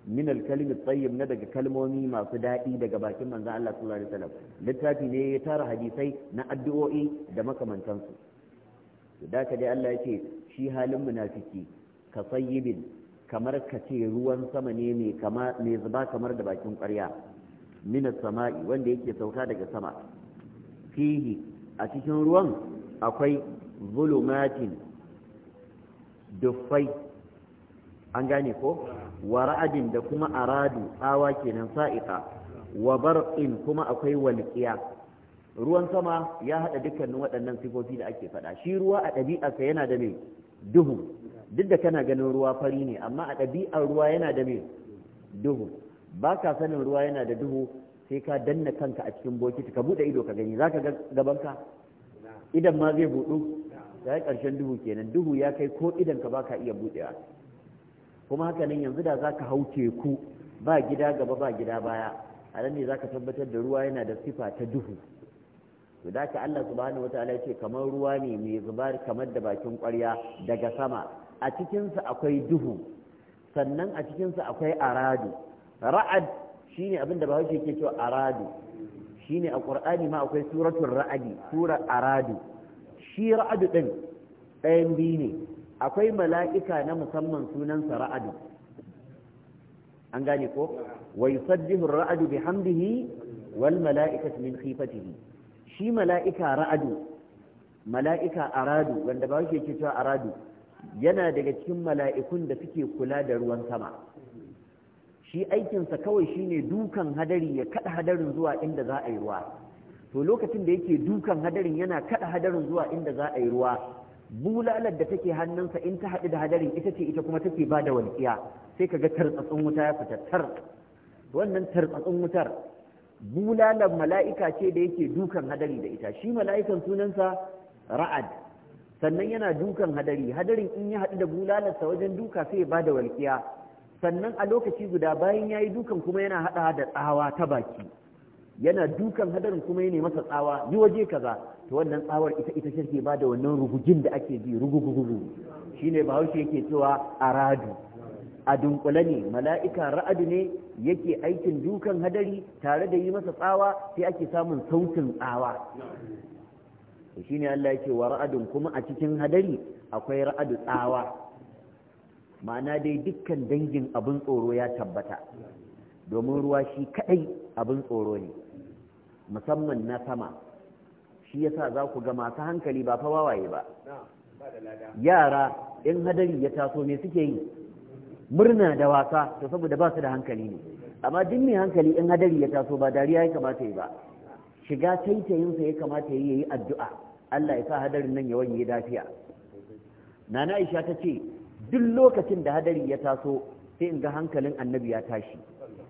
min al tayyib na daga kalmomi masu daɗi daga bakin manzan Allah sallallahu alaihi wasallam littafi ne ya tara hadisai na addu'o'i da makamantansu to da ka dai Allah yake shi halin munafiki ka sayyibin kamar ka ce ruwan sama ne mai kama mai zuba kamar da bakin ƙarya min as-sama'i wanda yake sauka daga sama fihi a cikin ruwan akwai zulumatin duffai an gane ko wa da kuma aradu tsawa kenan sa'iqa wa barqin kuma akwai walqiya ruwan sama ya hada dukkanin waɗannan sifofi da ake faɗa shi ruwa a ɗabi'arsa yana da mai duhu duk da kana ganin ruwa fari ne amma a ɗabi'ar ruwa yana da mai duhu ba ka sanin ruwa yana da duhu sai ka danna kanka a cikin bokiti ka buɗe ido ka gani za ka gabanka idan ma zai buɗu da ya ƙarshen duhu kenan duhu ya kai ko idan ka baka iya buɗewa kuma haka nan yanzu da za ka hau teku ba gida gaba ba gida baya a nan ne za ka tabbatar da ruwa yana da sifa ta duhu to da ka Allah subhanahu wataala ya ce kamar ruwa ne mai zubar kamar da bakin ƙwarya daga sama a cikinsa akwai duhu sannan a cikinsa akwai aradu ra'ad shine abin da bahaushe ke cewa aradu shine a ƙur'ani ma akwai suratul ra'adi sura aradu shi ra'adu ɗin ɗayan biyu ne akwai mala'ika na musamman sunansa ra'adu an gane ko wai yusabbihu ra'adu bihamdihi wal mala'ikatu min khifatihi shi mala'ika ra'adu mala'ika aradu wanda ba yake cewa aradu yana daga cikin mala'ikun da suke kula da ruwan sama shi aikinsa kawai shine dukan hadari ya kada hadarin zuwa inda za a yi ruwa to lokacin da yake dukan hadarin yana kada hadarin zuwa inda za a yi ruwa bulalar da take hannunsa in ta haɗu da hadarin ita ce ita kuma take ba da walƙiya sai kaga ga wuta ya fita tar wannan tartsatsin wutar bulalar mala'ika ce da yake dukan hadari da ita shi mala'ikan sunansa ra'ad sannan yana dukan hadari hadarin in ya haɗu da bulalarsa wajen duka sai ya ba walƙiya sannan a lokaci guda bayan ya yi dukan kuma yana haɗa da tsawa ta baki yana dukan hadarin kuma yana masa tsawa yi waje ka kaza ta wannan tsawar ita ita shirke ba da wannan rugugin da ake ji rugugugugu shine bahaushe yake cewa aradu a dunkule ne mala'ika ra'adu ne yake aikin dukan hadari tare da yi masa tsawa sai ake samun sautin tsawa shine Allah yake wa ra'adun kuma a cikin hadari akwai ra'adu tsawa ma'ana dai dukkan dangin abin tsoro ya tabbata domin ruwa shi kadai abin tsoro ne musamman na sama shi yasa za ku ga masu hankali ba fa wawaye ba yara in hadari ya taso me suke yi murna da wasa to saboda ba su da hankali ne amma duk mai hankali in hadari ya taso ba dariya ya kamata yi ba shiga taitayinsa ya kamata yi yayi addu'a Allah ya sa hadarin nan ya wani ya lafiya nana Aisha ta ce duk lokacin da hadari ya taso sai in ga hankalin annabi ya tashi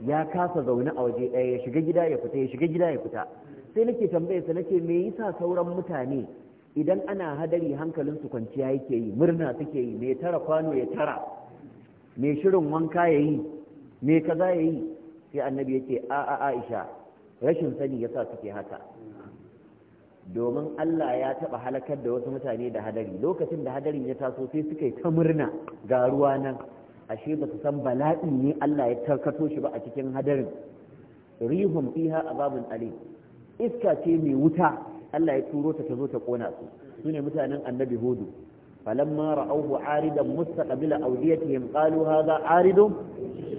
ya kasa zaune a waje ɗaya ya shiga gida ya fita ya shiga gida ya fita sai nake tambaye sa nake me yasa sauran mutane idan ana hadari hankalin su kwanciya yake yi murna suke yi me tara kwano ya tara me shirin wanka ya yi me kaza ya yi sai annabi yake a'a a a aisha rashin sani yasa suke haka domin Allah ya taɓa halakar da wasu mutane da hadari lokacin da hadarin ya taso sai suka yi ta murna ga ruwa nan ashe ba su san bala'i ne Allah ya tarkato shi ba a cikin hadarin rihum fiha azabun alim iska ce mai wuta Allah ya turo ta zo ta kona su sune mutanen annabi hudu falamma ra'awhu aridan mustaqbila awdiyatihim qalu hadha aridun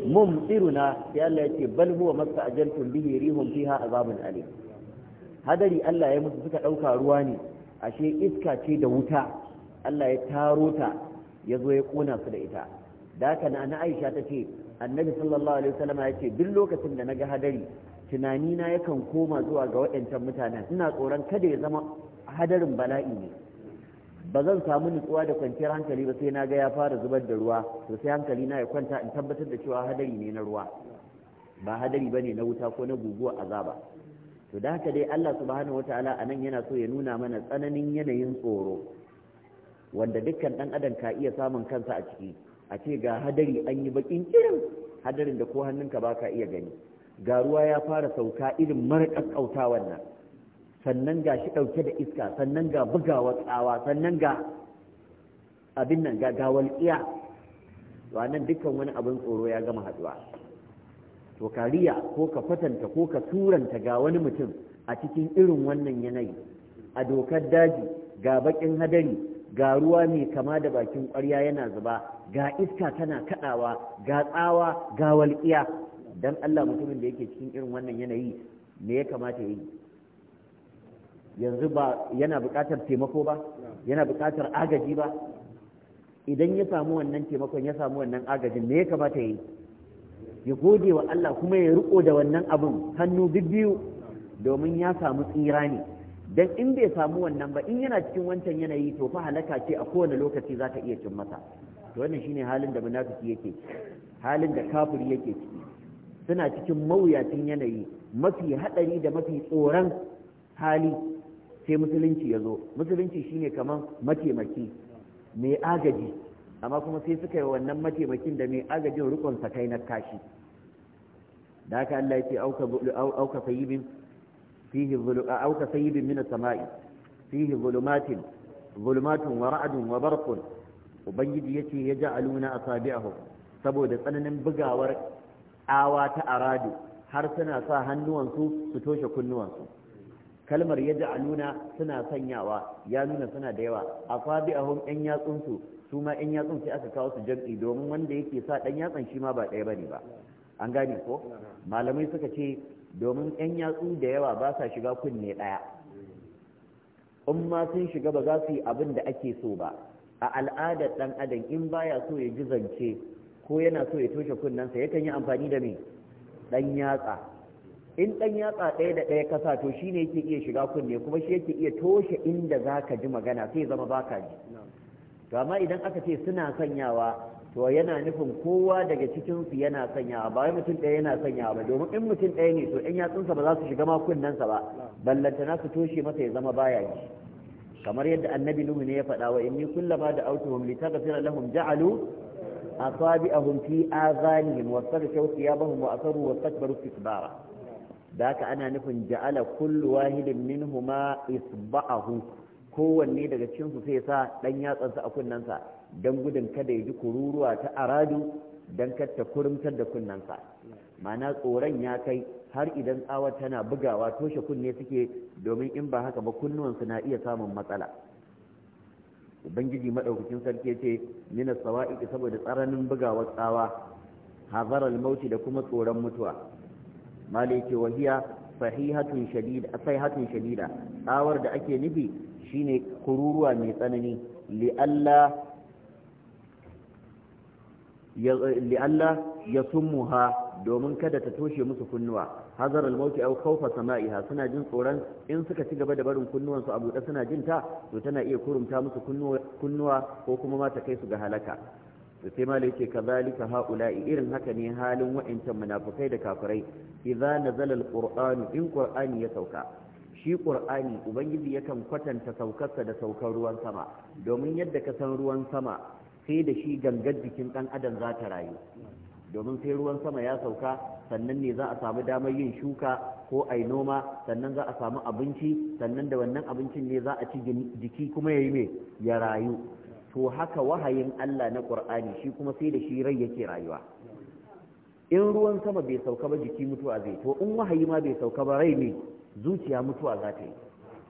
mumtiruna sai Allah ya ce bal huwa mastajaltum bihi rihum fiha azabun alim hadari Allah ya musu suka ɗauka ruwa ne ashe iska ce da wuta Allah ya taro ta ya zo ya ƙona su da ita da haka na Aisha ta ce annabi sallallahu alaihi wasallam ya ce duk lokacin da naga hadari tunani na yakan koma zuwa ga waɗancan mutanen ina tsoron kada ya zama hadarin bala'i ne ba zan samu nutsuwa da kwanciyar hankali ba sai naga ya fara zubar da ruwa to sai hankali na ya kwanta in tabbatar da cewa hadari ne na ruwa ba hadari bane na wuta ko na guguwa azaba to da haka dai Allah subhanahu wataala anan yana so ya nuna mana tsananin yanayin tsoro wanda dukkan ɗan adam ka iya samun kansa a ciki a ce ga hadari an yi bakin kirin hadarin da ko hannunka baka iya gani ga ruwa ya fara sauka irin marƙas kautawan wannan sannan ga shi ɗauke da iska sannan ga bugawa tsawa sannan ga abin nan ga walƙiya to nan dukkan wani abin tsoro ya gama haɗuwa to kariya ko ka fatanta ko ka turanta ga wani mutum a cikin irin wannan yanayi a dokar daji ga bakin hadari ga ruwa mai kama da bakin ƙwarya yana zuba ga iska tana kaɗawa ga tsawa ga walƙiya don allah mutumin da yake cikin irin wannan yanayi me ya kamata ya yi yanzu ba yana buƙatar taimako ba yana buƙatar agaji ba idan ya samu wannan taimakon ya samu wannan agajin me ya kamata ya yi ya gode wa Allah kuma ya riko da wannan abin hannu biyu domin ya samu tsira ne dan in bai samu wannan ba in yana cikin wancan yanayi to fa halaka ce a kowane lokaci za ka iya cin masa to wannan shine halin da munafiki yake halin da kafiri yake ciki suna cikin mawuyacin yanayi mafi hadari da mafi tsoron hali sai musulunci ya zo musulunci shine kaman mataimaki mai agaji amma kuma sai suka yi wannan mataimakin da mai agajin rukun sa kai na kashi da haka Allah yake auka auka sayyibin fihi zulu'a auka sayyibin min as-sama'i fihi zulumatin zulumatun wa ra'dun wa barqun ubangiji yace ja'aluna asabi'ahum saboda tsananin bugawar awa ta aradu har suna sa hannuwansu su toshe kunnuwansu kalmar ya ja'aluna suna sanyawa ya nuna suna da yawa asabi'ahum yan yatsunsu su ma yan yatsun sai aka kawo su jam'i domin wanda yake sa dan yatsan shi ma ba ɗaya bane ba an gane ko malamai suka ce domin yan yatsu da yawa ba sa shiga kunne ɗaya in ma sun shiga ba za su yi abin da ake so ba a al'adar ɗan adam in baya so ya ji zance ko yana so ya toshe kunnensa yakan yi amfani da me ɗan yatsa in ɗan yatsa ɗaya da ɗaya kasa to ne yake iya shiga kunne kuma shi yake iya toshe inda za ka ji magana sai zama ba ka ji gama idan aka ce suna sanyawa to yana nufin kowa daga cikin su yana sanyawa ba wai mutum ɗaya yana sanyawa ba domin in mutum ɗaya ne to in yatsunsa ba za su shiga makunnansa ba ballantana su toshe masa ya zama baya ji kamar yadda annabi nuhu ne ya faɗa wa inni kullama da autuhum li taghfira lahum ja'alu asabi'ahum fi azanihim wa sarfu thiyabahum wa asaru wa takbaru istikbara da haka ana nufin ja'ala kullu wahidin minhuma isba'ahu kowanne daga cikinsu sai sa ɗan yatsansa a kunnensa don gudun kada ya ji kururuwa ta aradu don ta kurumtar da kunnensa ma'ana tsoron ya kai har idan tsawar tana bugawa toshe kunne suke domin in ba haka ba kunnuwansu na iya samun matsala ubangiji maɗaukakin sarki ce mina sawa'iqi saboda tsaranin bugawar tsawa hazaral mauti da kuma tsoron mutuwa malai ce wahiya sahihatun shadida tsawar da ake nufi shine kururuwa mai tsanani li'alla ya summuha domin kada ta toshe musu kunnuwa hazar almauti au khawfa sama'iha suna jin tsoron in suka ci gaba da barin kunnuwansu a buɗe suna jin ta to tana iya kurumta musu kunnuwa ko kuma ma ta kai su ga halaka to sai malai ce kazalika haula'i irin haka ne halin wa'incan munafukai da kafirai idza nazala qur'anu in qur'ani ya sauka shi ƙur'ani ubangiji yakan kwatanta saukarsa da saukar ruwan sama domin yadda ka san ruwan sama sai da shi gangar jikin ɗan adam za ta rayu domin sai ruwan sama ya sauka sannan ne za a samu damar yin shuka ko a noma sannan za a samu abinci sannan da wannan abincin ne za a ci jiki kuma ya yi mai ya rayu to haka wahayin Allah na ƙur'ani shi kuma sai da shi rai yake rayuwa in ruwan sama bai sauka ba jiki mutuwa zai to in wahayi ma bai sauka ba rai ne zuciya mutuwa za ta yi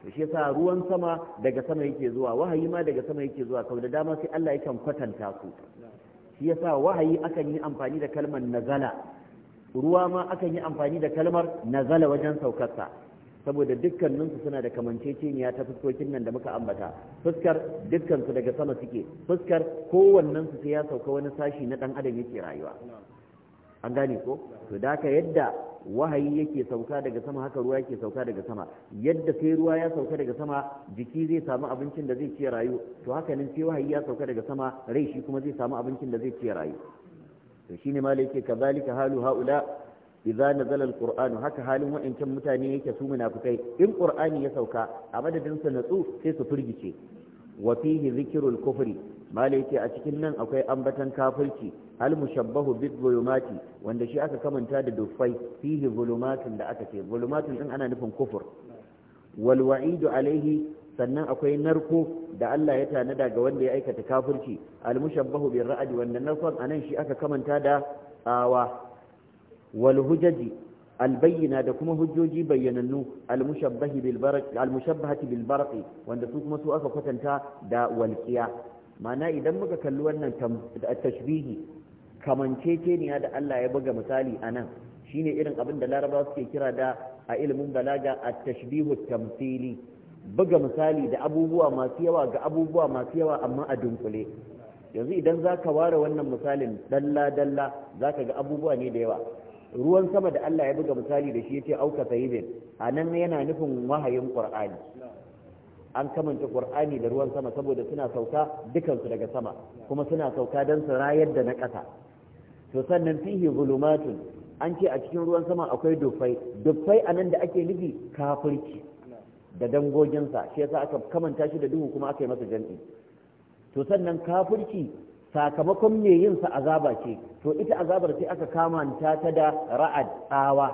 to shi yasa ruwan sama daga sama yake zuwa wahayi ma daga sama yake zuwa sau da dama sai Allah yakan kwatanta su shi yasa wahayi akan yi amfani da kalmar nazala ruwa ma akan yi amfani da kalmar nazala wajen saukarsa saboda dukkaninsu suna da kamanceceniya ta fuskokin nan da muka ambata fuskar su daga sama suke fuskar kowannensu sai ya sauka wani sashi na dan adam yake rayuwa an gane ko to da ka yadda wahayi yake sauka daga sama haka ruwa yake sauka daga sama yadda sai ruwa ya sauka daga sama jiki zai samu abincin da zai ci rayu to haka nan sai wahayi ya sauka daga sama rai shi kuma zai samu abincin da zai ci rayu to shine malai yake kazalika halu haula idza nazala alquran haka halin wa'ancan mutane yake su munafikai in qur'ani ya sauka a madadin sa natsu sai su firgice wa fihi zikrul kufri malai ce a cikin nan akwai ambatan kafirci al mushabbahu bid wanda shi aka kamanta da dufai fihi zulumatun da aka ce zulumatun din ana nufin kufur wal wa'idu alaihi sannan akwai narko da Allah ya tanada ga wanda ya aikata kafirci al mushabbahu bir ra'd wanda narkon anan shi aka kamanta da awa wal hujaji albayyana da kuma hujjoji bayyanannu almushabbahati bilbaraqi wanda su kuma su aka kwatanta da walqiya mana idan muka kalli wannan tashbihi kamanceceniya da Allah ya buga misali a nan shine irin abin da laraba suke kira da a ilimin balaga a tashbihu tamthili buga misali da abubuwa masu yawa ga abubuwa masu yawa amma a dunkule yanzu idan za ka ware wannan misalin dalla-dalla za ka ga abubuwa ne da yawa ruwan sama da Allah ya buga misali da shi ya ce auka sayibin a nan yana nufin wahayin ƙwar'ani an kamanta qur'ani da ruwan sama saboda suna sauka dukansu daga sama kuma suna sauka don su rayar da na ƙasa to sannan fihi zulumatun an ce a cikin ruwan sama akwai dufai dufai anan da ake nufi kafirci da dangoginsa shi yasa aka kamanta shi da duhu kuma aka yi masa jam'i to sannan kafirci sakamakon me yin sa azaba ce to ita azabar sai aka kamanta ta da ra'ad tsawa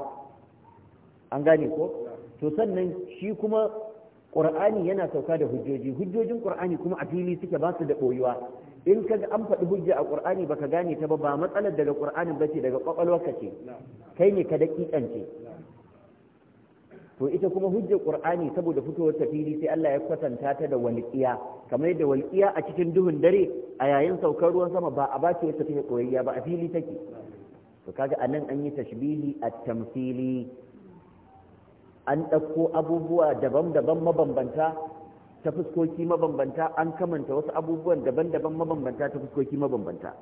an gane ko to sannan shi kuma qur'ani yana sauka da hujjoji hujjojin qur'ani kuma a fili suke ba su da boyuwa in ka an faɗi hujja a qur'ani baka gane ta ba ba matsalar daga ba bace daga ka ce kai ne ka daƙiƙance to ita kuma hujjar qur'ani saboda fitowar ta fili sai Allah ya kwatanta ta da walqiya kamar da walqiya a cikin duhun dare a yayin saukar ruwan sama ba a bace ta take koyayya ba a fili take to kaga anan an yi tashbihi at-tamthili an ɗauko abubuwa daban-daban mabambanta ta fuskoki mabambanta an kamanta wasu abubuwan daban-daban mabambanta ta fuskoki mabambanta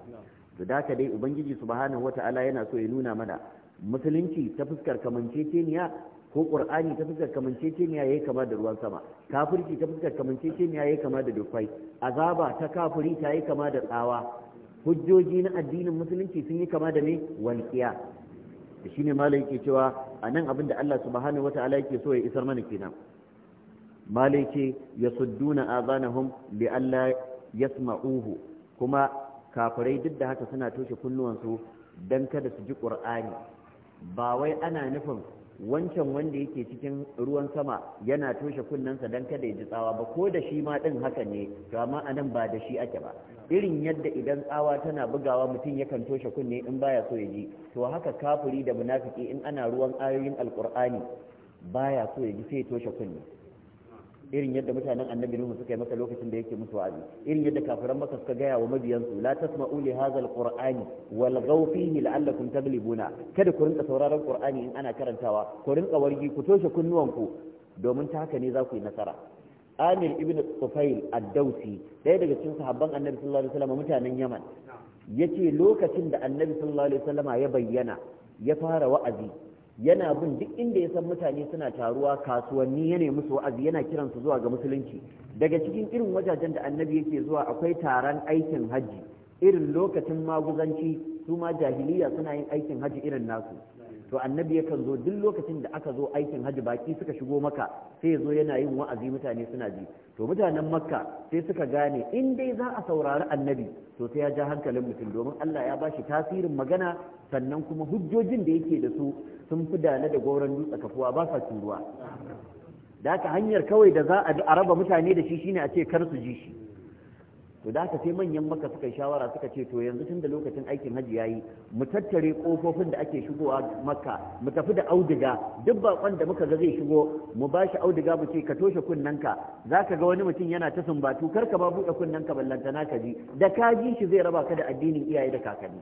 to da dai ubangiji subhanahu wata'ala yana so ya nuna mana musulunci ta fuskar kamanceceniya ko qur'ani ta fuskar kamanceceniya yayi kama da ruwan sama kafirci ta fuskar kamanceceniya yayi kama da dufai azaba ta kafiri ta yi kama da tsawa hujjoji na addinin musulunci sun yi kama da ne walqiya da shine malai yake cewa nan abin da Allah subhanahu wataala yake so ya isar mana kenan malai ce yasudduna azanahum li alla yasma'uhu kuma kafirai duk da haka suna toshe kunnuwansu dan kada su ji ƙur'ani. ba wai ana nufin wancan wanda yake cikin ruwan sama yana toshe kunnensa don kada ya ji tsawa ba ko da shi ma ɗin haka ne to amma a nan ba da shi ake ba irin yadda idan tsawa tana bugawa mutum yakan toshe kunne in baya so ya ji to haka kafuri da munafiki in ana ruwan ayoyin alkur'ani baya so ya ji sai toshe kunne irin yadda mutanen annabi Nuhu suka yi masa lokacin da yake musu wa'azi irin yadda kafiran Makka suka gaya wa mabiyansu la tasma'u li hadha alqur'ani wal fihi la'allakum taglibuna kada ku rinka sauraron qur'ani in ana karantawa ku rinka wargi ku toshe kunnuwanku domin ta haka ne za ku yi nasara Amir ibn Tufail ad-Dausi ɗaya daga cikin sahabban Annabi sallallahu alaihi wasallam mutanen Yaman yace lokacin da Annabi sallallahu alaihi wasallam ya bayyana ya fara wa'azi yana bin duk inda ya san mutane suna taruwa kasuwanni ya nemi su wa'azi yana kiran su zuwa ga musulunci daga cikin irin wajajen da annabi yake zuwa akwai taron aikin hajji irin lokacin maguzanci su ma jahiliya suna yin aikin hajji irin nasu to annabi yakan zo duk lokacin da aka zo aikin hajji baki suka shigo maka sai ya zo yana yin wa'azi mutane suna ji to mutanen makka sai suka gane in dai za a saurari annabi to sai ya ja hankalin mutum domin allah ya bashi tasirin magana sannan kuma hujjojin da yake da su sun fi dale da gauran dutse kafuwa ba sa turuwa da haka hanyar kawai da za a raba mutane da shi shine a ce kar su ji shi to da haka sai manyan maka suka shawara suka ce to yanzu tun da lokacin aikin hajji yayi mu tattare kofofin da ake shigowa makka mu tafi da auduga duk bakon da muka ga zai shigo mu ba shi auduga mu ce ka toshe kunnanka zaka ga wani mutum yana ta sumbatu kar ka ba buɗe kunnanka ballantana ka ji da ka ji shi zai raba ka da addinin iyaye da kakanni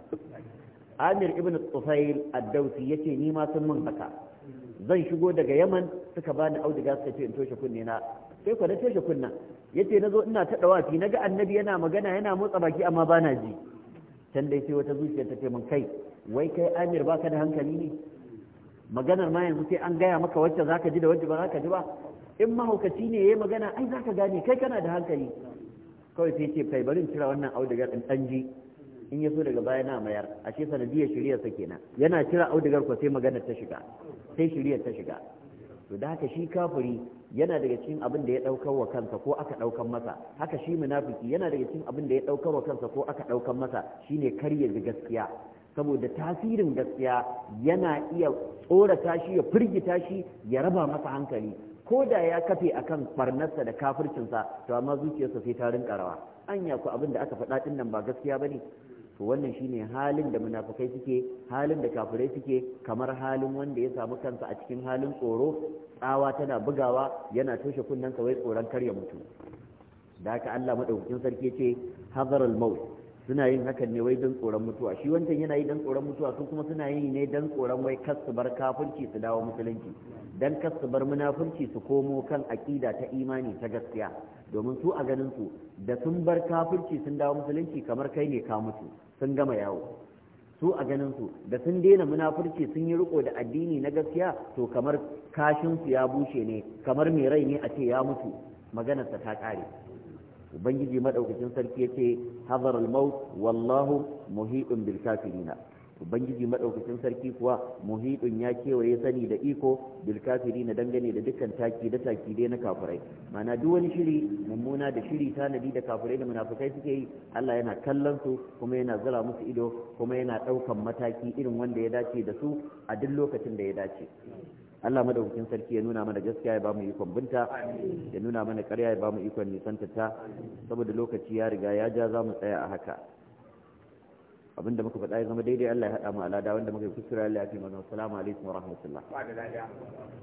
Amir ibn Tufail ad-Dawsi yace ni ma sun mun haka zan shigo daga Yaman suka bani auduga suka ce in toshe kunne na sai ku da toshe kunnan yace nazo ina ta na naga annabi yana magana yana motsa baki amma bana ji can dai sai wata zuciya ta ce min kai wai kai Amir baka da hankali ne maganar ma yanzu sai an gaya maka wacce zaka ji da wacce ba zaka ji ba in mahaukaci ne yayi magana ai zaka gane kai kana da hankali kawai sai ce kai bari in cira wannan audigar din dan ji in ya daga baya na mayar ashe sanadiyar shirya sa kenan yana cira audigar ko sai magana ta shiga sai shirya ta shiga to da haka shi kafiri yana daga cikin abin da ya daukar wa kansa ko aka daukar masa haka shi munafiki yana daga cikin abin da ya daukar wa kansa ko aka daukar masa shine da gaskiya saboda tasirin gaskiya yana iya tsorata shi ya firgita shi ya raba masa hankali ko da ya kafe a kan barnarsa da kafircinsa to amma zuciyarsa sai ta rinka rawa anya ku abin da aka faɗa din nan ba gaskiya bane to wannan shine halin da munafukai suke halin da kafirai suke kamar halin wanda ya samu kansa a cikin halin tsoro tsawa tana bugawa yana toshe kunnen sa wai tsoron karya ya mutu da haka Allah madaukakin sarki ce hazar al-maut suna yin hakan ne wai dan tsoron mutuwa shi wancan yana yi dan tsoron mutuwa su kuma suna yi ne dan tsoron wai kasu bar kafirci su dawo musulunci dan kasu bar munafurci su komo kan akida ta imani ta gaskiya domin su a ganin su da sun bar kafirci sun dawo musulunci kamar kai ne ka mutu sun gama yawo su a ganin su da sun daina munafurci sun yi riko da addini na gaskiya to kamar kashin su ya bushe ne kamar mai rai ne a ce ya mutu maganarsa ta ƙare. ubangiji madaukakin sarki yace hazar al-maut wallahu muhiqun bil kafirina ubangiji maɗaukacin sarki kuwa muhidun ya kewaye sani da iko bil na dangane da dukkan taki da taki dai na kafirai mana duk wani shiri mummuna da shiri tanadi da kafirai da munafukai suke yi Allah yana kallon su kuma yana zura musu ido kuma yana ɗaukan mataki irin wanda ya dace da su a duk lokacin da ya dace Allah madaukakin sarki ya nuna mana gaskiya ya bamu ikon binta ya nuna mana ƙarya ya bamu ikon nisanta ta saboda lokaci ya riga ya ja za mu tsaya a haka abinda muka faɗa ya zama daidai Allah ya haɗa mu alada wanda muka yi kuskure Allah ya fi mana salamu alaikum wa rahmatullah